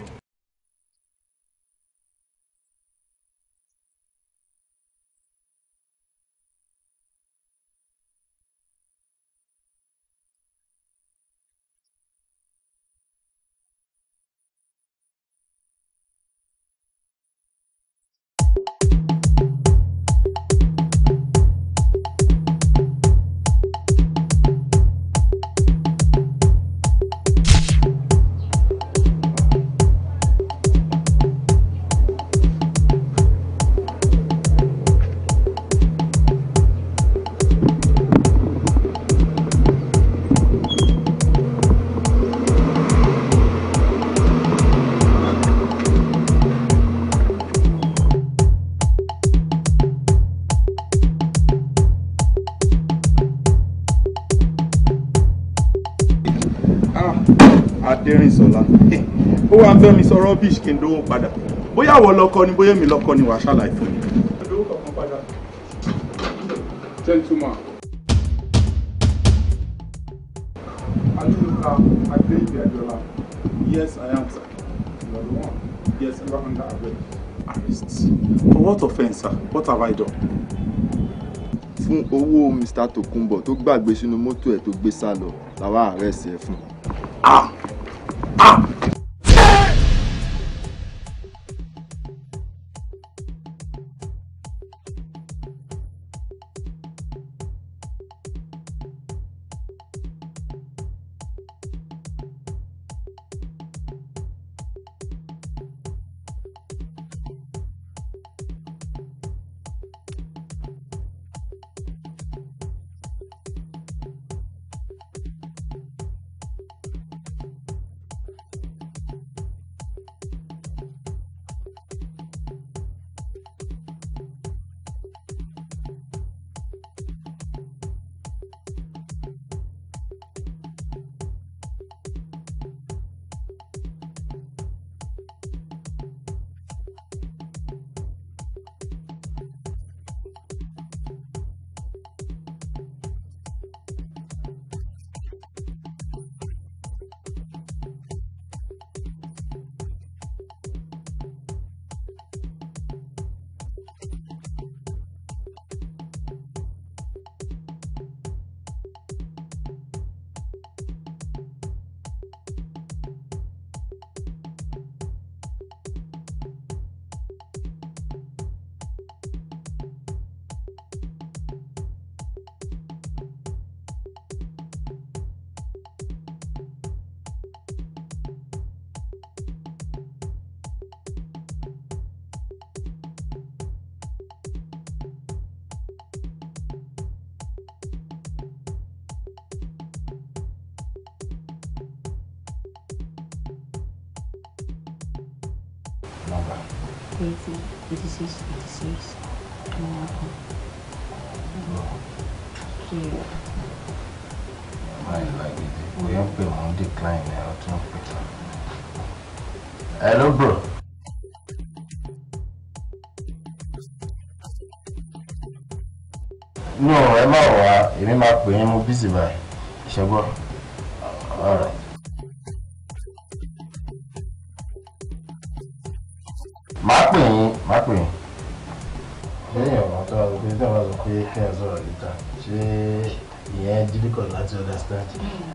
rubbish kí n dówó padà bóyá àwọ̀ lọ́kọ ni bóyá èmi lọ́kọ ni wàá ṣàlàyé fún mi. For what offence, sir? What have I done? fún owó Mr. Tokunbo tó gbàgbé sínú mọ́tò ẹ̀ tó gbé sá lọ làwa àrẹ́sì ẹ̀ fún. ah máa pè é mo bísí báyìí ṣẹgbọ́ ọ̀rọ̀. màá pè yín màá pè yín. lẹ́yìn ọ̀rọ̀ tó wà lópin tó wà lópin kẹ́ ẹ̀ sọ̀rọ̀ níta ṣé ìyẹn difficult láti understand. Hmm.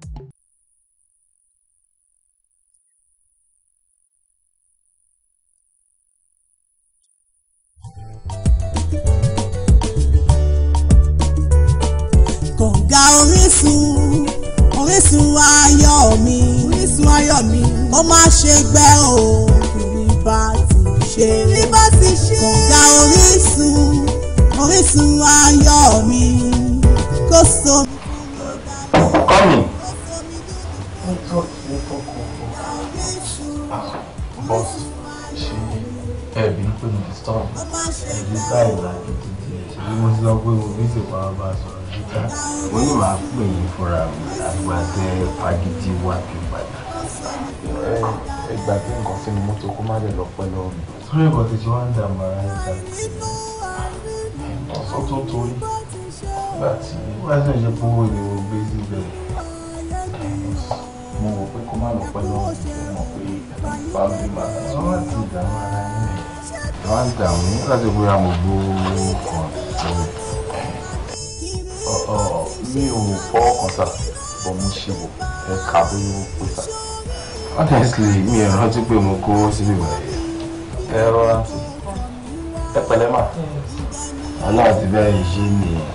orísun orísun ayọ̀ mi orísun ayọ̀ mi ó má ṣe gbẹ o bí bá ti ṣe bí bá ti ṣe kọjá orísun orísun ayọ̀ mi kò so. kọ́mi. boss ṣe ẹbí ń pè mí stop ẹbí sáì láti tètè ṣe bí mo ti sọ pé mo fi ṣèpamọ́ bá a mo ní màá pè yín fúnra mi àgbàdo fagidi wà kí n padà. ẹ gbà pé nǹkan sínú mọ́tò kó má lè lọ pẹ́ lọ́wọ́ mi. sórí ẹ̀kọ́ ti ṣe wá ń dààmú ara ẹ̀ káàkiri ọ̀sán tó torí nígbà tí wọ́n ṣe ń ṣe kówó ìdìbò gbé síbẹ̀ mo rò pé kó má lọ pẹ́ lọ́wọ́ mi fẹ́ mọ̀ pé fáwọn bá wọ́n ti dààmú ara ẹ̀ wọ́n dààmú láti bóyá mo kan mi ò fọwọ́ kan sà bọ̀ mo ṣe wò ẹ kà bí mo pè sà. honestly mi ò rántí pé mo kó síbi wọ̀nyí. ẹ rọra ẹ pẹ̀lẹ́ mà. aláàtí bẹ́ẹ̀ ṣe nìyẹn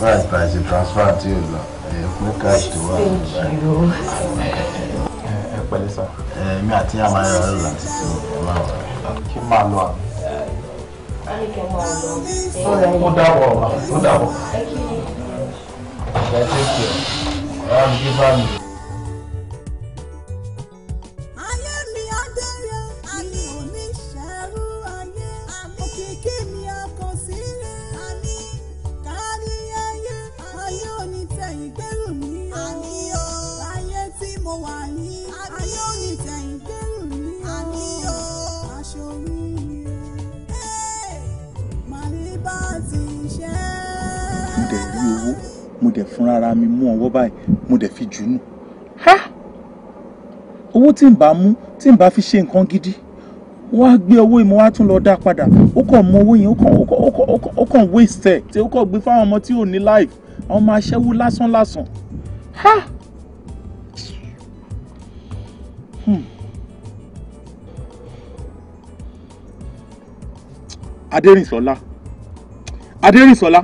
báyìí bá ṣe transfer tí o lọ ẹ pín cash tó wà nígbà yìí. ẹ pẹ̀lẹ́ sà. ẹ mi àti àmàlà rẹ láti tó ẹ máa wà. kí n máa lọ àná ó you ó dàbọ̀ ẹ kí Thank you. Thank you. kí ọ ẹ á ní kí bá mi. mo dẹ̀ fúnra ara mi mú ọwọ́ báyìí mo dẹ̀ fi jù ú nù. owó tí n bá mú tí n bá fi ṣe nǹkan gidi wọ́n á gbé owó yìí mo wá tún lọ dá padà ó kàn mú owó yẹn ó kàn waste ẹ̀ tí ó kàn gbé fáwọn ọmọ tí ò ní life àwọn ọmọ aṣẹ́wó lásán lásán. Hmm. Adérìnsọ́lá Adérìnsọ́lá.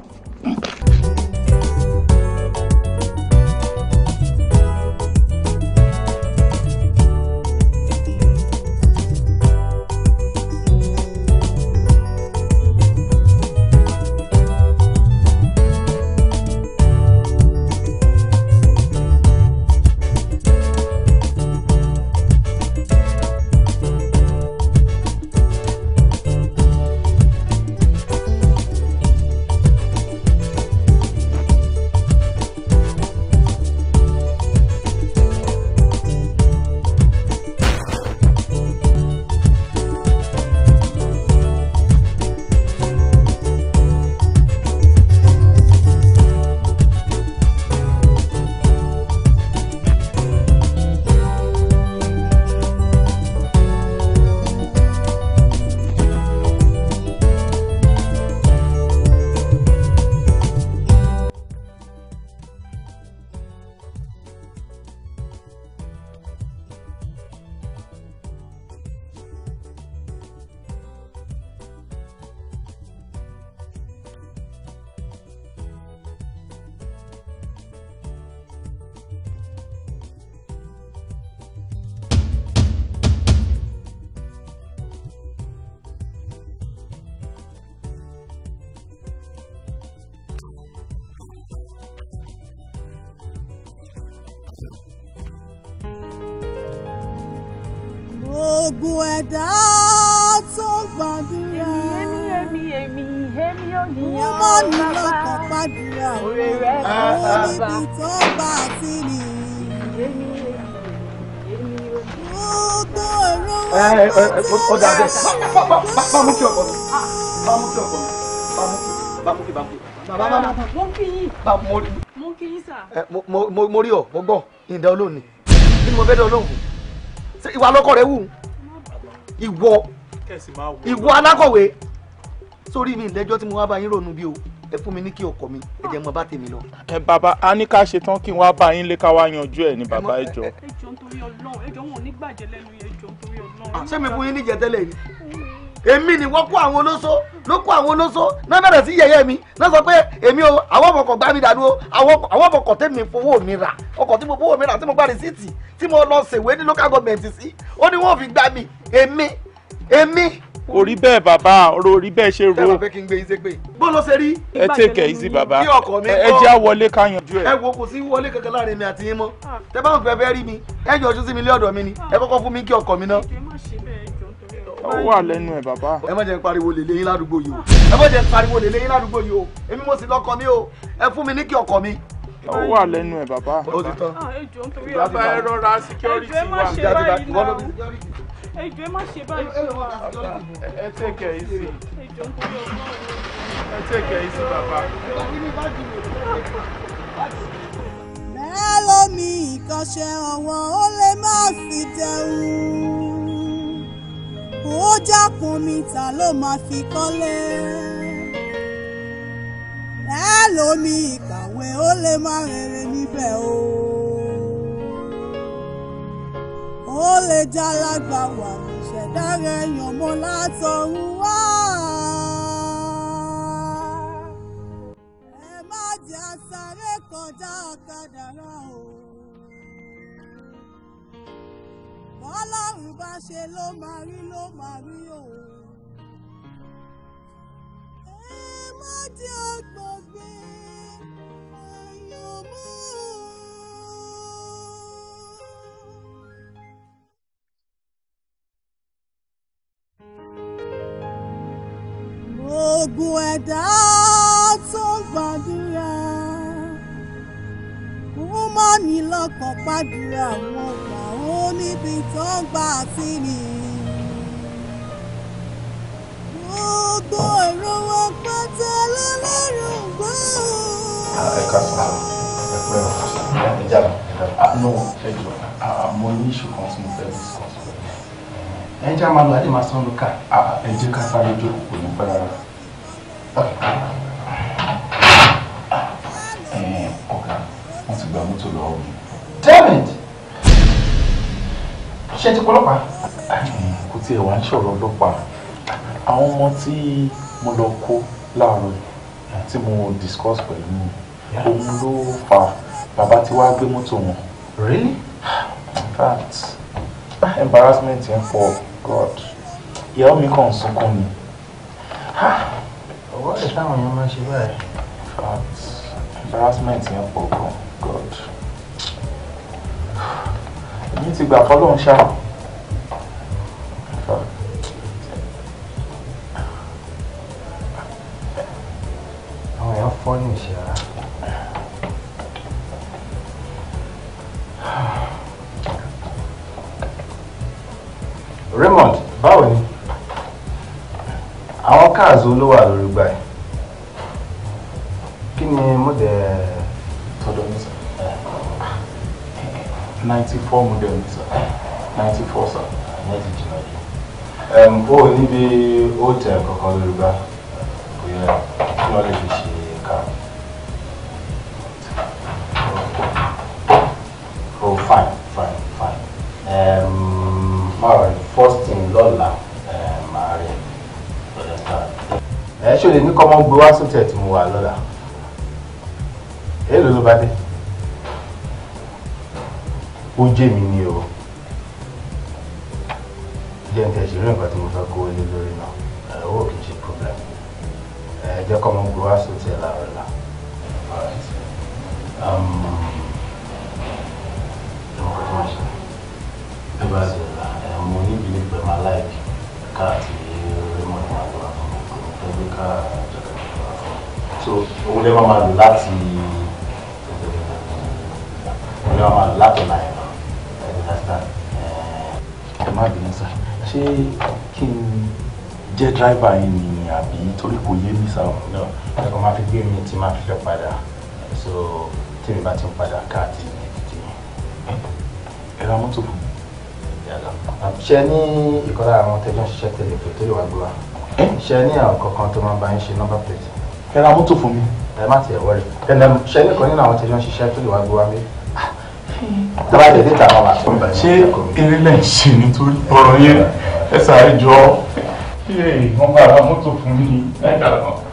ó dà bẹ́ẹ̀ bá mú kí ọkọ mi ah, bá kí ọkọ mi bá mú kí bá mú kí bá kí. bàbá bá kí yín. mo kí yín sà. Eh, mo rí ọ mo gbọ́ ìdá olóòní kí ni mo fẹ́ dán olóhùn fún ìwà lọ́kọ̀ rẹ wù ìwọ ìwọ alákọ̀wé sórí mi ìlẹ́jọ́ tí mo wá bá yín rònú bí o ẹ fún mi ní kí ọkọ mi ẹ jẹ́ mọ bá tèmi lọ. ẹ bàbá a ní ká ṣe tán kí wọn bá yín lé ká wá yanjú ẹ ní bàbá ẹjọ. ẹjọ nítorí Ọlọ́run ẹjọ wọn ò ní gbàjẹ lẹ́nu ẹjọ nítorí Ọlọ́run. sẹ́mi ah, fún yín níjẹ tẹ́lẹ̀ ni èmi ni wọ́n kó àwọn olóso ló kó àwọn olóso náà bẹ̀rẹ̀ sí yẹ̀yẹ́ mi náà sọ pé èmi o àwọn ọmọkọ̀ gbá mi dànù o àwọn ọmọkọ̀ tẹ̀mí fowó mi rà ọkọ̀ tí mo fowó mi rà tí mo gba rìsíìtì tí mo lọ ṣèwé ní local government sí ó ní wọ́n fi gbá mi èmi èmi orí bẹ́ẹ̀ bàbá orí bẹ́ẹ̀ ṣe ro. ẹ bá kí n gbé iṣẹ́ pé. bó ló ṣe rí. ẹ tèkẹ́ easy bàbá ẹ jẹ́ àwọlé ká yanjú ẹ. ẹ wo kò sí wọlé kankan láàrin mi àti yín mọ́ tẹ bá wọn fẹ́ fẹ́ rí mi ẹ yọjú sí mi lé mi ni ẹ kọ́kọ́ fún mi kí ọkọ mi náà ó wà lẹ́nu ẹ̀ bàbá. ẹ má jẹ́ pariwo lèlé yín ládùúgbò yìí o ẹ má jẹ́ pariwo lèlé yín ládùúgbò yìí o èmi mo sì lọ́kọ mi o ẹ fún mi ní kí ọkọ mi. ó wà lẹ́nu ẹ̀ bàbá. ó ti tán. Ah, ẹ rọra security wa. ẹ ẹjọ ẹ má ṣe báyìí ṣe wà. ẹ tẹkẹ yìí sí. ẹjọ ń kọ́ ọgbọ́n rẹ. ẹ tẹkẹ yìí ìkọ́ṣẹ́ ọ̀wọ́ ó lè má fi dẹ̀hùn ó jákun mi ta ló máa fi kọ́lé bẹ́ẹ̀ ìkàwé ó lè má rere níbẹ̀ o ó lè já lágbà wà ṣẹ̀dá rẹ̀ yàn mọ́ látọ̀run wá. ẹ má jẹ́ àsáré kọjá kádàrá o. bọ́lọ́run bá ṣe ló máa rí ló máa rí o. ẹ má jẹ́ àgbàgbé ẹ̀yàn mọ́ ogun ẹ̀dá tó gbàdúrà kó mọ́ ní lọ́kàn pàdúrà wọn gbà ó níbi tó ń gbà sí ni. gbogbo èrò wọn pátá lọ́lọ́run gbọ́. ẹ ká sọ ẹ pẹ́ ọ ẹ jà lọ ẹ jọ mo ní ìṣù kan tí mo fẹ́ bí sọ ẹ̀yin tí a máa lọ àti máa sọ́nu ká. ẹ jẹ́ ká sáré jókòó kò ní pẹ́ rárá. ọ̀gá wọ́n ti gba mọ́tò lọ́wọ́ mi. damn it ti pọlọ́pàá. kò tiẹ̀ wá ń ṣọ̀rọ̀ ọlọ́pàá àwọn ọmọ tí mo lọ kó láàárọ̀ tí mo discuss pẹ̀lú mi òun ló fà bàbá tí wàá gbé mọ́tò wọn. really? in fact embarrassment yẹn pọ̀. God ìyàwó mi kàn ń sunkún mi. ọwọ́ rẹ̀ táwọn èèyàn máa ń ṣe báyìí. fact embarrassment yẹn pọ̀ gan God èmi ti gbà fọlọ́run ṣáà. price ló wà lórí gbà yìí kí ni model tọ̀dọ̀ mi sọ eh, ninety four model mi sọ ninety four sọ. o níbi ó tẹ̀ kankan lórí gbà. wọ́n gbé wá sọ́tẹ̀ tí mo wà lọ́la èlò ló bá dé ó jẹ́ mi ni dráìbà yìí ni àbí torí kò yé mi sáà. náà ẹ̀kọ́ máa fi gbé mi tí máa fi fẹ́ padà so tí mi bá ti ń padà káàdì ní títì mi. ẹ ra mọ́tò fún mi. ṣe ní ìkọ́lá àwọn tẹ́jọ́ ń ṣiṣẹ́ tẹ̀lé pé tó lè wá gbé wa. ṣe ní àwọn kankan tó máa bá yín ṣe nọ́mbà plate. ẹ ra mọ́tò fún mi. ẹ má tiẹ̀ wọ́rì. ṣe ní ìkọ́ni àwọn tẹ́jọ́ ń ṣiṣẹ́ tó lè wá gbé wa mi tọ́ba tètè tà ṣé eré náà ṣe nítorí ọ̀rọ̀ yẹn ẹ sáré jọ wọ́n bá wa mọ́tò fún mi láìka kan.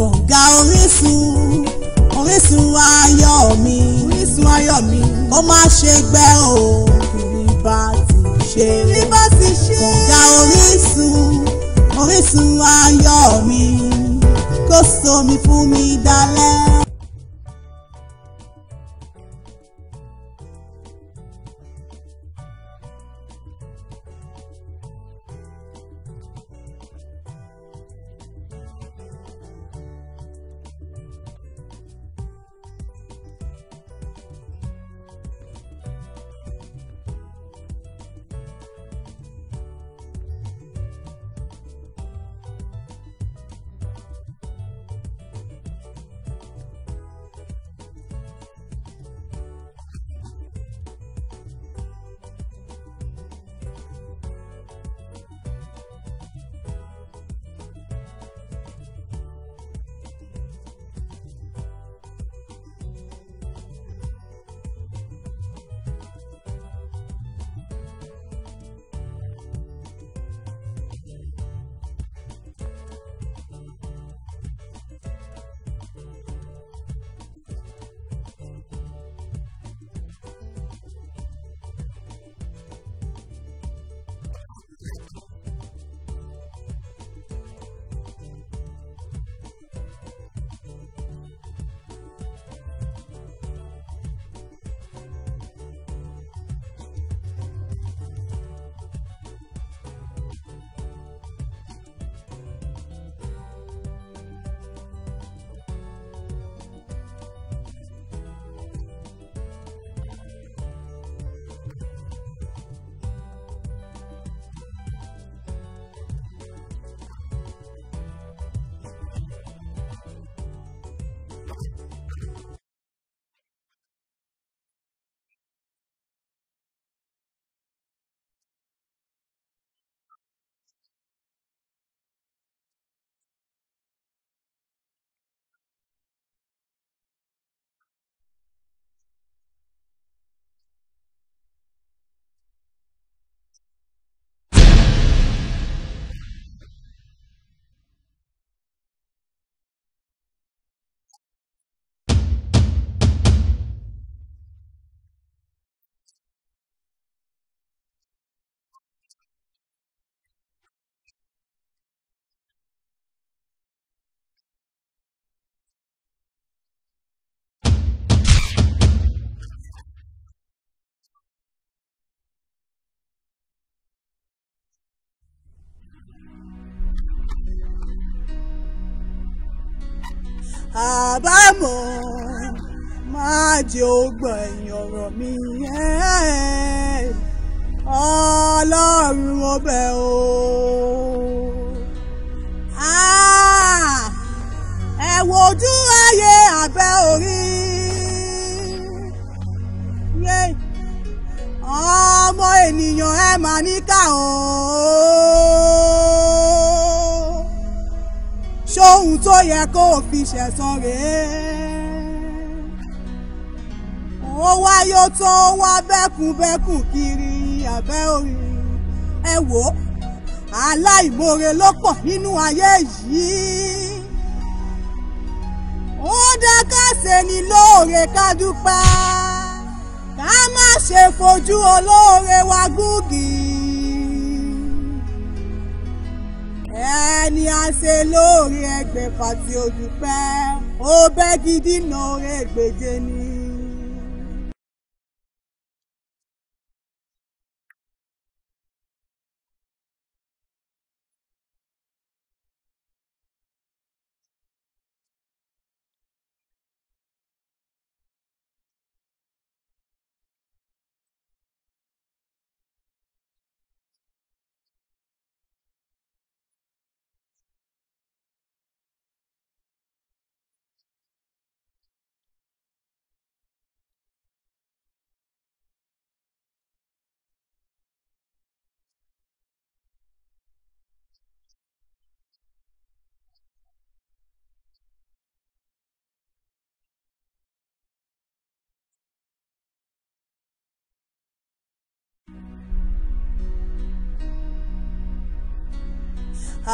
kọ̀ǹga orísun orísun ayọ̀ mi orísun ayọ̀ mi ó má ṣe gbẹ o kìrì bá ti ṣe kìrì bá ti ṣe kọ̀ǹga orísun orísun ayọ̀ mi kó somi fún mi dalẹ́. àbámọ̀ má jẹ́ ó gbẹ̀yìn ọ̀rọ̀ mi ọlọ́run ọbẹ̀ o. Ah, ẹ wo ojú ayé abẹ́ orí ọmọ ènìyàn ẹ máa níkà o. tó yẹ kó fi ṣẹ̀san rèé ó wáyó tó wá bẹ́kùnbẹ́kùn kiri abẹ́ orí ẹ wò ó aláìmoore ló pọ̀ nínú ayé yìí ó dá ká ṣe ni lóore ká dúpẹ́ ká má ṣe fojú olóore wa gúgì. ẹni àṣe lóore ẹgbẹ̀fà tí ó dúpẹ́ ó bẹ́ gidi náà ẹgbẹ̀je ni.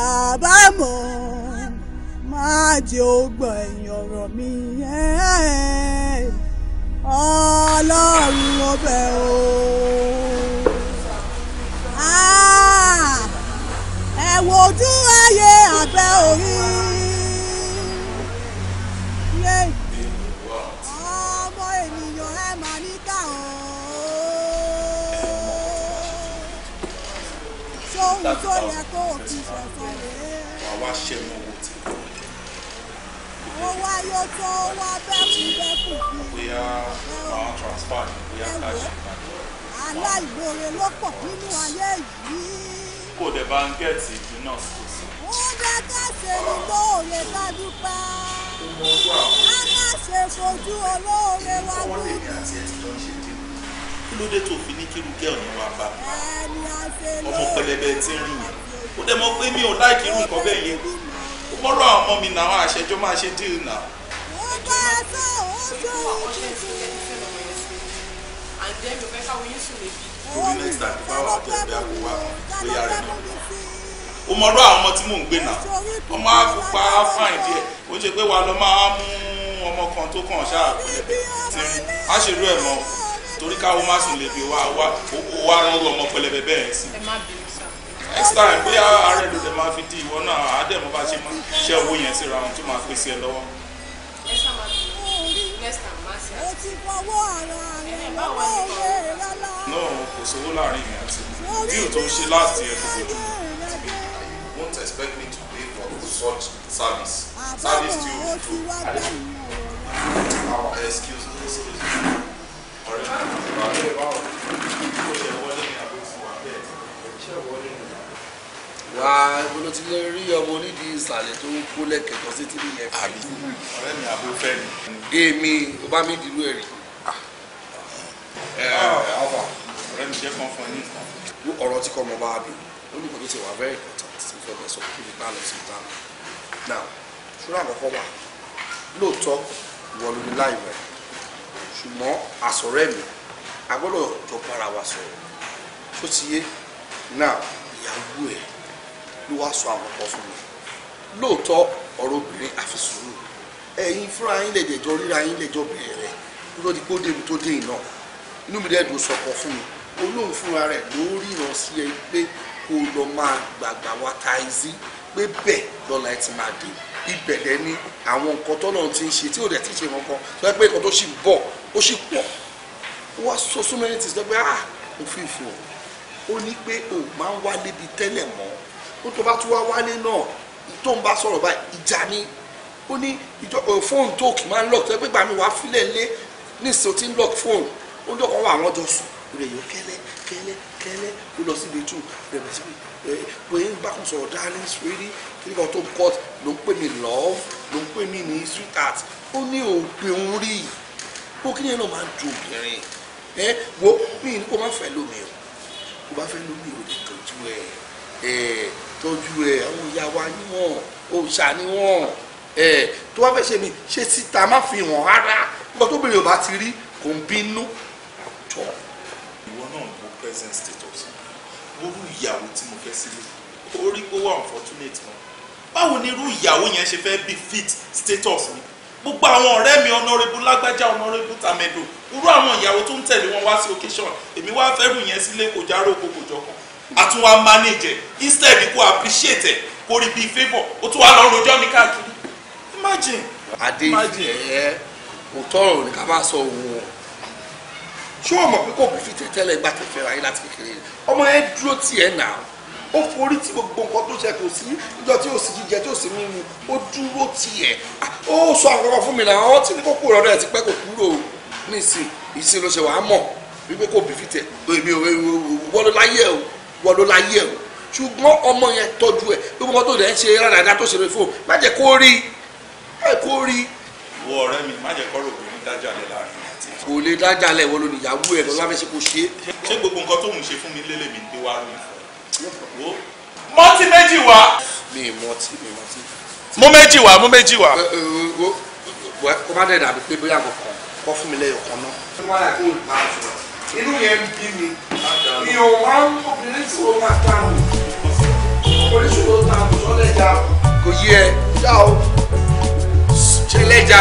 àbámọ̀ má jẹ́ ó gbọ́ ẹ̀yìn ọ̀rọ̀ mi ọlọ́run ọbẹ̀ o. Ah, ẹ wojú ayé àgbẹ̀ orí. wá ṣẹ́ mọ́ owó tí kò ní. mo wá tó wá bẹ́ẹ̀kú bẹ́ẹ̀kú bí. bóyá máa transfer ni bóyá káàṣì ìbàdàn. aláìgbòrè ló pọ̀ nínú ayé yìí. kò dẹ̀ bá ń gẹ̀ẹ́tì ìdí náà sí. ó dá káṣe ni lóore ká dúpẹ́. a má ṣe fojú olóore wa lóde ló dé tó fi ní kírú gẹ́ọ̀ ní wàá bá ọmọ pẹlẹbẹ tí ń rí yẹn ó dẹ̀ mọ̀ pé mi ò láìkí irú nǹkan bẹ́ẹ̀ yẹn ó mọ́rọ̀ àwọn ọmọ mi náà àṣẹjọ́ máa ṣe díìrì náà. torí next time bá wà bẹ́ẹ̀ bẹ́ẹ̀ kó wá bóyá rẹ̀ náà ó mọ̀rọ̀ àwọn ọmọ tí mò ń gbé náà ọmọ àkópa fáìn díẹ̀ ó ṣe pé wàá lọ máa mú ọmọ kan tó kàn ṣáà tí ń á ṣe rú ẹ̀ mọ́ torí káwọn má sùn lè fi wá wá wá ọmọ pẹlẹbẹ bẹ́ẹ̀ ẹ má next time bóyá ààrẹ ló lè máa fi di ìwọ náà àádẹ́mọ́ bá ṣe ṣẹ́ owó yẹn síra wọn tó máa pèsè ẹ lọ́wọ́. ẹ sá máa next time má ṣe àti. ètí fọwọ́ ara rẹ̀ lọ́wọ́ ilé rárá. náà kò sówó láàrin mi àti díò tó ń ṣe láti ẹ̀ tó fojú won't expect me to pay for such service service due to. Uh, excuse me excuse me ọ̀rẹ́ náà ọ̀rẹ́ báwo kó ṣe wọlé ní àbí ti wà bẹ́ẹ̀ ṣe wọlé ní. wà á ìbọn tí lè rí ọmọ onídìí ìsàlẹ̀ tó ń kó lẹ́kẹ̀tọ́ sí tí nìyẹn fi. àbí ọ̀rẹ́ mi àbí fẹ́ mi. èmi ò bá mi dìlú ẹ̀rí. ẹ ah. ẹ ọba ah. ọ̀rẹ́ mi jẹ́ kan ní nǹkan. ọ̀rọ̀ tí kò mọ bá a bì ó ní kòtò ti wà very important sí fẹ́ bẹ́ẹ̀ sọ kí n bá lọ sí ìta náà ṣúra àkọ́kọ́ wà lóòótọ́ ìwọ ló láì rẹ̀ ṣùgbọ́n àsọ̀rẹ́ mi a gbọ́dọ̀ jọ bára wa sọ̀rọ̀ tó ti yé náà ìyàwó ẹ̀ ló wá sọ àwọn ọkọ fún mi lóòótọ́ ọ̀rọ̀ obìnrin àfi sùúrù ẹ̀yin fúnra yín lẹ̀jẹ̀jọ ríra yín lẹ̀jọ bẹ̀rẹ̀ rẹ̀ ló di kó débi tó dé iná inú mi dẹ́ẹ̀dùn sọ̀kọ̀ fún mi olóhùn fúnra rẹ̀ ló ríran sí ẹ pé kó lọ máa gbàgbà wa ta ẹ sí pé bẹ́ẹ̀ lọ́la ẹ ti máa dé ibẹ̀ lẹ́ni àwọn nǹkan tọ́nà ti ń ṣe tí ò dẹ̀ ti ṣe kankan tó yẹ pé nǹkan tó ṣì ń bọ̀ ó sì pọ̀ ó wá sọ so many things lọ́gbẹ́ ah òfìfò ó ní pé o máa ń wálé bíi tẹ́lẹ̀ mọ́ ó tó bá tún wá wálé náà tó ń bá sọ̀rọ̀ bá ìjà ni ó ní ìjọ fóònù tó kì máa ń lọ́ọ̀kì tó gbégbá mi wá fílẹ̀ lé nísìsiyìí ó ti ń lọ́ọ̀kì fóònù ó ń dọ̀kọ̀ wá àwọn jọ sùn rẹ̀ yọ kẹ́lẹ́ kẹ́lẹ́ kẹ́lẹ́ ó lọ síbi tù rẹ̀ bẹ̀ síbi pé ń bá kún sọ̀rọ̀ dání sórí kí nígbà tó ń kọ́ ló ń pè mí love ló ń pè mí ní sweet heart ó ní òpin orí yìí gbogbo kí ni ẹ náà máa ń ju obìnrin ẹ wo mi ní kó má fẹ́ lómi o kó bá fẹ́ lómi o lè tọ́jú ẹ ẹ tọ́jú ẹ àwọn ìyá wa ni wọ́n òòṣà ni wọ́n ẹ tó wá fẹ́ ṣe mi ṣe síta má fi hàn rárá nígbà tó bèrè ò bá ti rí kò ń bínú àwùjọ. ìwọ náà wo present status wúrú ìyàwó tí mo fẹ́ sílé orí gbówó unfortunate mọ́ báwo ni irú ìyàwó yẹn ṣe fẹ́ be fit status mi gbogbo àwọn ọ̀rẹ́ mi ọ̀nọ́rẹ́bù lágbájá ọ̀nọ́rẹ́bù tàmẹ̀dò irú àwọn ìyàwó tó ń tẹ̀lé wọn wá sí occasion èmi wá fẹ́rù yẹn sílé kò járó oko kò jọ kan àtúnwá manage ẹ̀ instead kó appreciate ẹ̀ kó rí bíi favour ó tún wá lọ rojọ́ mi káàkiri imagine. adé ẹ kò tọrọ ní ká máa sọ òun o ṣé o mọ̀ pé kò bí fi tẹ́tẹ́lẹ̀ gbà tẹ̀fẹ́ ra yín láti kékeré ọmọ yẹn dúró tiẹ̀ náà ó forí tí gbogbo nǹkan tó ṣe kò sí ìjọ tí ò sí jíjẹ tí ò sí mímu ó dúró tiẹ̀ ah, ó sọ àwọn ọmọ fún mi náà ọtí ní kókó rẹ̀ rẹ̀ ti pẹ́ kò kúrò nísìn ìsìn ló ṣe wàá mọ̀ wípé kò bí fìtẹ̀ èmi ò wọ́n ló láyé o wọ́n ló láyé o ṣùgbọ́n ọmọ yẹn tọ́jú ẹ̀ gbogbo nǹkan tó rẹ̀ ń ṣe rárá tó ṣe lè fò má jẹ́ kó rí má jẹ́ kó rí. ìwọ ọ̀rẹ́ mi má jẹ́ kọ́rọ̀ obìnrin dájà lẹ́ láàrin kò lè dájà lẹ́ wọ́n lónìí ìyàwó ẹ̀ lọ́wọ́ fẹ́ ṣe kò ṣe é. ṣé gbogbo nǹkan tó ń ṣe fún mi lélẹ̀ mi ń gbé wá rí i mọ́tí méjì wá. mi mọ́tí mi mọ́tí. mú méjì wá mú méjì wá. kó má dẹ̀ dàbí pé bóyá kò kàn kọ́ fún mi lẹ́yọ̀ kan náà. inú yẹn ń bí mi mi ò wá obìnrin tí o máa ta mi oríṣiríṣi o ta mi sọ́lẹ̀ já kò yí ẹ já o ṣẹlẹ̀ já.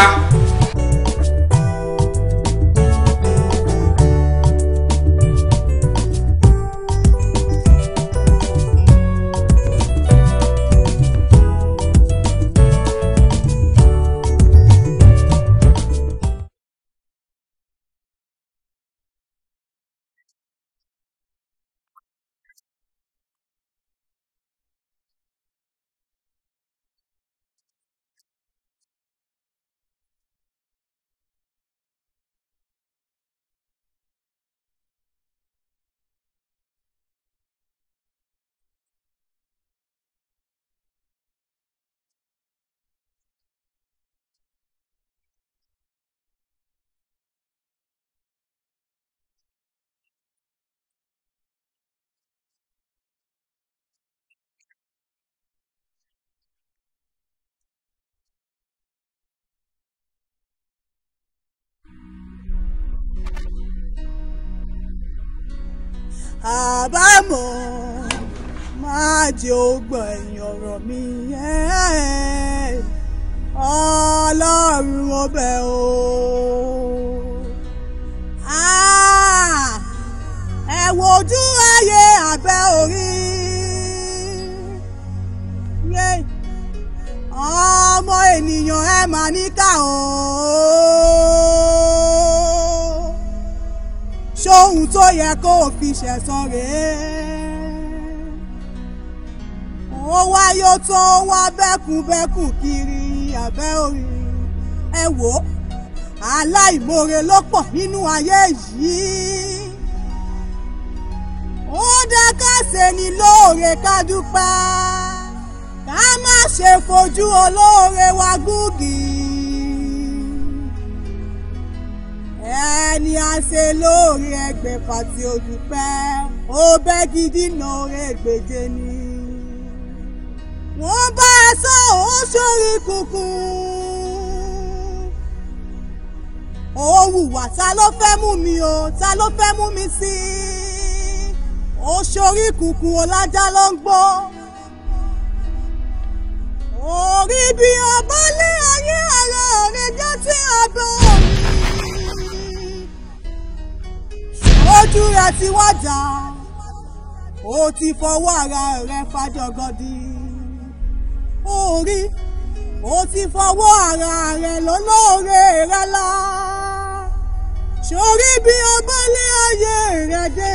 àbámọ̀ máa jẹ́ ògbọ̀n ẹ̀yìn ọ̀rọ̀ mi eh. ọlọ́run mo bẹ̀ o. Ah, ẹ wo ojú ayé àbẹ́ orí ọmọ ènìyàn ẹ mà níkà o. tó yẹ kó o fi ṣẹ̀san rèé ó wáyó tó wá bẹ́kùnbẹ́kùn kiri abẹ́ orí ẹ wò ó aláìmoore ló pọ̀ nínú ayé yìí ó dá ká ni lóore ká dúpẹ́ ká má ṣe fojú olóore wa gúgì. ẹni àṣe lóore ẹgbẹ̀fà tí ó ó bẹ́ gidi lóore gbèje ni. wọ́n bá a sọ òun sórí kùkùn. ó hùwà ta ló fẹ́ mú mi o ta ló fẹ́ mú mi sí i. ó sórí kùkùn ọ̀làjà ló ń gbó. orí bí ọba lé ayé ara rẹ̀ jẹ́ tí a bọ̀ ojú rẹ ti wá jà ó ti fọwọ́ ara rẹ fàjọgọdì ó rí ó ti fọwọ́ ara rẹ lólóore rẹ sórí bí o bá lé ayé rẹ dé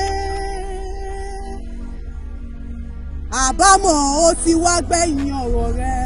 àbámọ̀ ó ti wá gbẹ̀yìn ọ̀rọ̀ rẹ.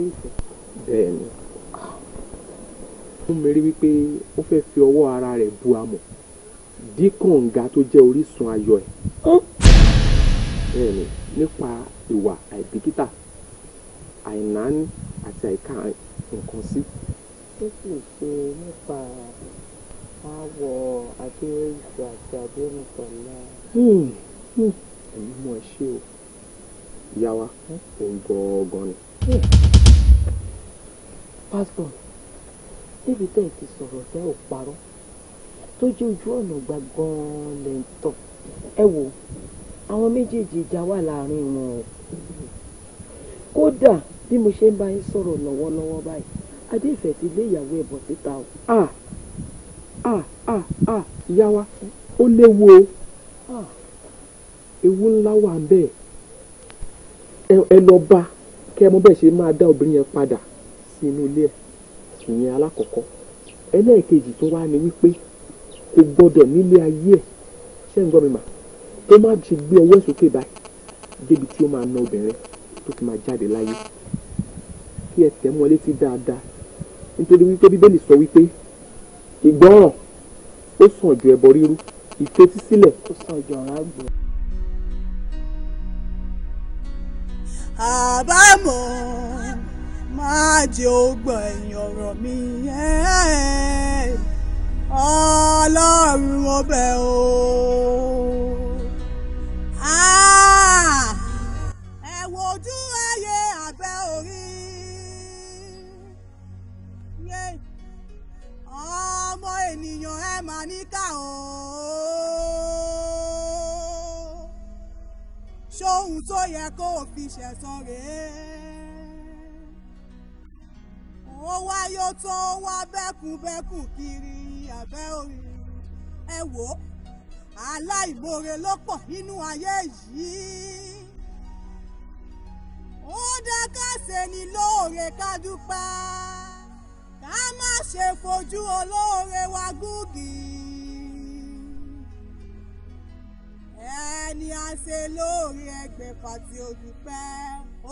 ṣe é fẹ́. bẹ́ẹ̀ni fún mi rí wípé ó fẹ́ fi ọwọ́ ara rẹ̀ bu amọ̀ dí kànga tó jẹ́ orísun ayọ̀ ẹ̀ bẹ́ẹ̀ni nípa ìwà àìbìkítà àìnáání àti àìka nǹkan sí. ó sì ṣe nípa àwọ̀ adéyẹ̀yẹ̀ àti adéyẹ̀mọ̀tọ́lá. Hmm, hmm. ẹ̀mí mọ̀ ẹ́ ṣe o ìyá wa ń gbọ́ ọgọ́ni. Hmm pásítọ̀ níbi tẹ́ ẹ ti sọ̀rọ̀ tẹ́ ò parọ́ tó jẹ́ ojú ọ̀nà gbà gan-an lẹ̀ ń tọ̀ ẹ wò àwọn méjèèjì ìjà wà láàrin wọn o kódà bí mo ṣe ń bá yín sọ̀rọ̀ lọ́wọ́lọ́wọ́ báyìí adéfẹ̀ ti lé ìyàwó ẹ̀ bọ̀ síta o ah ah ah ah ìyá wa ó léwu o ah ewu ńlá wà ń bẹ́ẹ̀ ẹ lọ bá kẹ́ ẹ mọ bẹ́ẹ̀ ṣe máa dá obìnrin yẹn padà sí inú ilé ẹ̀ ìyẹn alákọ̀ọ́kọ́ ẹlẹ́ẹ̀kejì tó wá ní wípé kò gbọ́dọ̀ nílé ayé ẹ̀ ṣé ń gbọ́ mi mà tó má ti gbé ọwọ́ sókè báyìí débi tí ó máa na obìnrin tó fi máa jáde láyé kí ẹ tẹ̀ mọ́ létí dáadáa nítorí wípé bíbélì sọ wípé ìgbọràn ó sàn ju ẹbọ rírú ìfetísílẹ̀ ó sàn ju ọ̀rá àgbò. àbámọ̀ má jẹ́ ó gbọ́ ẹ̀yìn ọ̀rọ̀ mi eh, ọlọ́run mo bẹ̀ o. Ah, ẹ wo ojú ayé àgbẹ̀ orí ọmọ ènìyàn ẹ máa níkà o. ṣóhun tó yẹ kó o fi ṣẹ̀san rèé wáyó tó wá bẹ́kùnbẹ́kùn kiri abẹ́ orin ẹ wò ó aláìmoore ló pọ̀ nínú ayé yìí ó dá ká ni lóore ká dúpẹ́ ká má ṣe fojú olóore wa gúgì ẹni a ṣe lóore ẹgbẹ̀fà tí ó dúpẹ́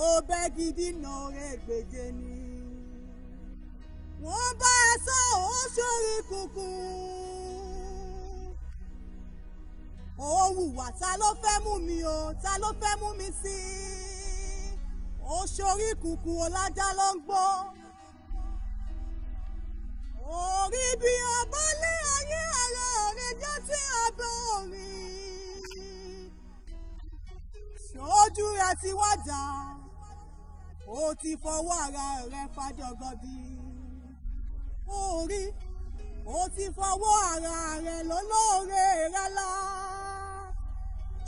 ó bẹ́ gidi náà rẹ̀ ni wọ́n bá ẹ sọ ọ́ sórí kùkùn. ó hùwà ta ló fẹ́ mú mi o ta ló fẹ́ mú mi sí i. ó sórí kùkùn ọ̀làjà ló ń gbó. orí bí ọba lé ayé ara rẹ̀ jẹ́ sí abẹ́ orí. sójú rẹ̀ ti wá dà ó ti fọwọ́ ara rẹ̀ fàjọgọ́dí orí ó ti fọwọ́ ara rẹ̀ lólóore rẹ̀ la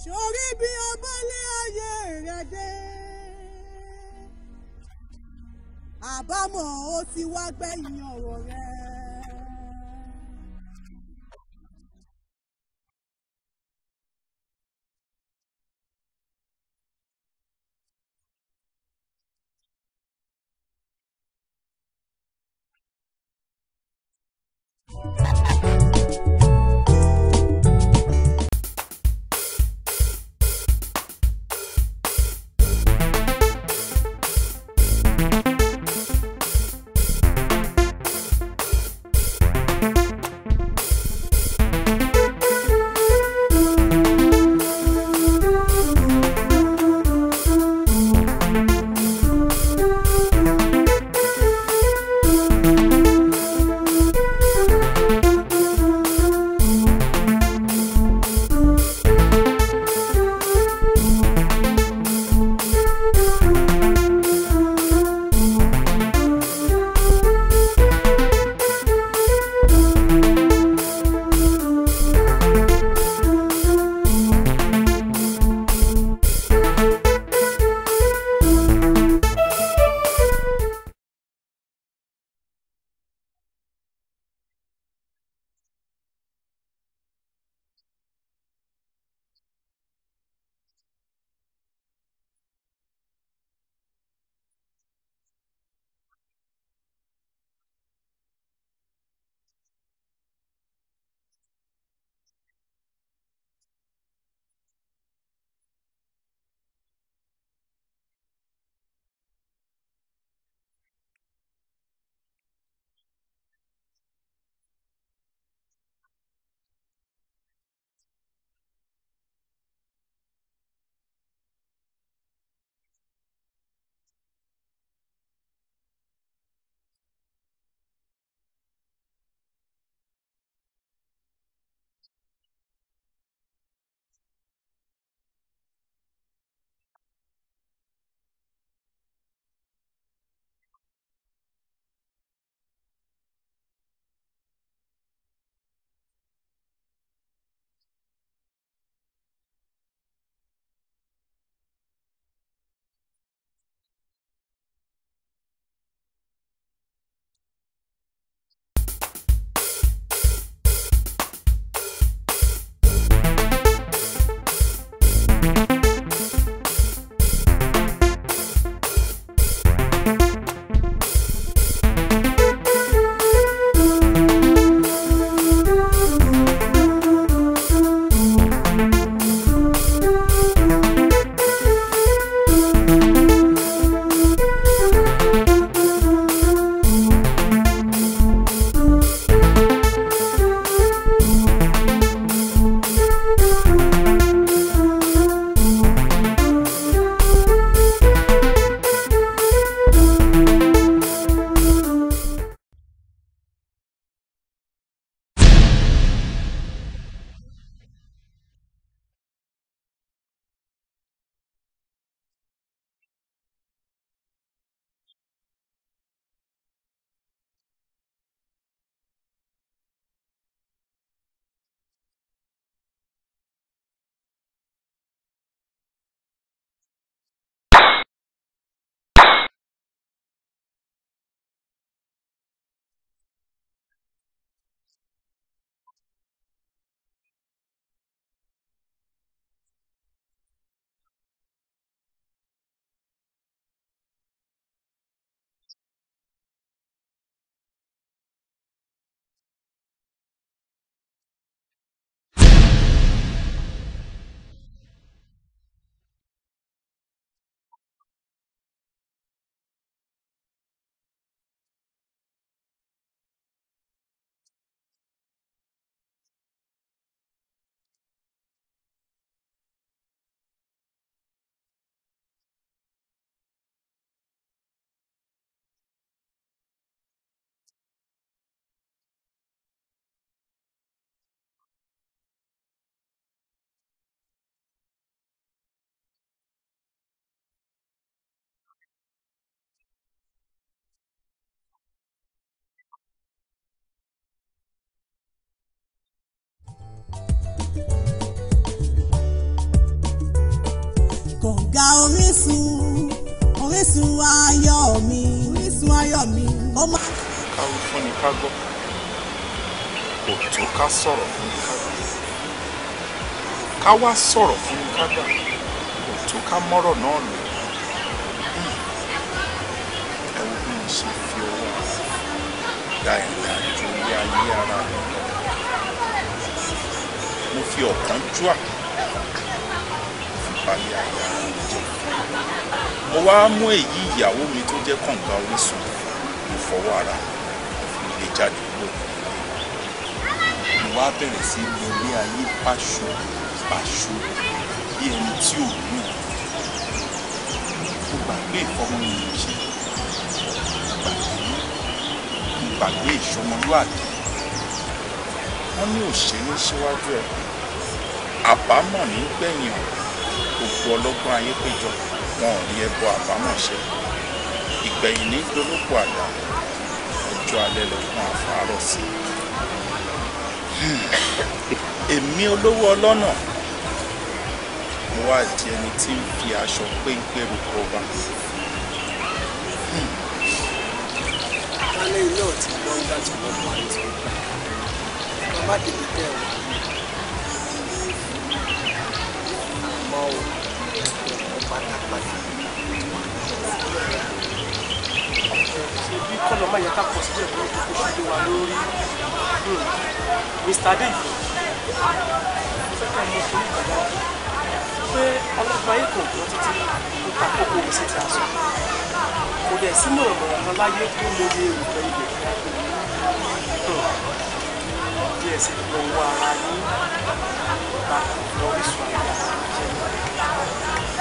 sórí bí o bá lé ayé rẹ̀ dé àbámọ̀ ó ti wá gbẹ̀yìn ọ̀rọ̀ rẹ̀. kànga orísun orísun ayọ̀ mi orísun ayọ̀ mi ó máa. ká wí fún ni ká gbọ́ kò tó ká sọ̀rọ̀ fún ni ká gbọ́ ká wá sọ̀rọ̀ fún ni ká gbà kò tó ká mọ́rọ̀ náà lò ẹ bí mo ṣe fi owó da ìrìn àjò ilé ayé ara mi mo fi ọ̀kánjúà balẹ̀ àyà mi jẹ́ mo wá mú èyí ìyàwó mi tó jẹ́ kànga orísun mo fọwọ́ ara mi lè jáde kúrò mo wá bẹ̀rẹ̀ sí ní ilé ayé pàṣọ pàṣọ bí ẹni tí ò ní mo gbàgbé ìfọmọnìyàn ṣe mo gbàgbé ìṣọmọlúwàdì wọ́n ní òṣèré síwájú ẹ̀ àbámọ̀ ní gbẹ̀yìn ọ̀rọ̀ gbogbo ọlọ́gbọ́n ayé péjọ wọn ò rí ẹbọ àbámọ̀ ṣe ìgbẹ̀yìn ní dolóko àdá ọjọ́ alẹ́ lọ́gbọ́n àfárọ̀ sí hmm. èmi olówó ọlọ́nà mo wá di ẹni tí ń fi aṣọ péńpé rúkọ ọba. wálé náà ti gbọ́ ìdájọ́ lọ́pọ̀ àti bàbá dèbí tẹ̀ wọ́n. mọ́ o pátápátá ṣe bí kọ́nà máa yẹ ká pọ̀ sílẹ̀ lórí kókó ṣubú wa lórí Mr. Adé yìí fẹ́kẹ́ mọ fún ìgbàgbọ́ pé ọlọ́gbọ́n ayé kò gbọ́ títí ó ta kókó òun sí ti aṣọ kò dẹ̀ sí mọ̀ ọ̀rọ̀ kan láyé ilé ajẹ́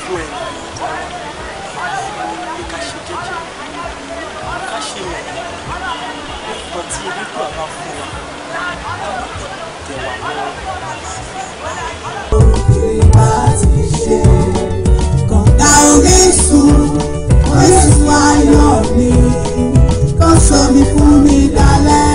fún ẹ pé ká ṣe jẹ́jẹ́ ká ṣe rẹ̀ nípa mi fún mi dalẹ́.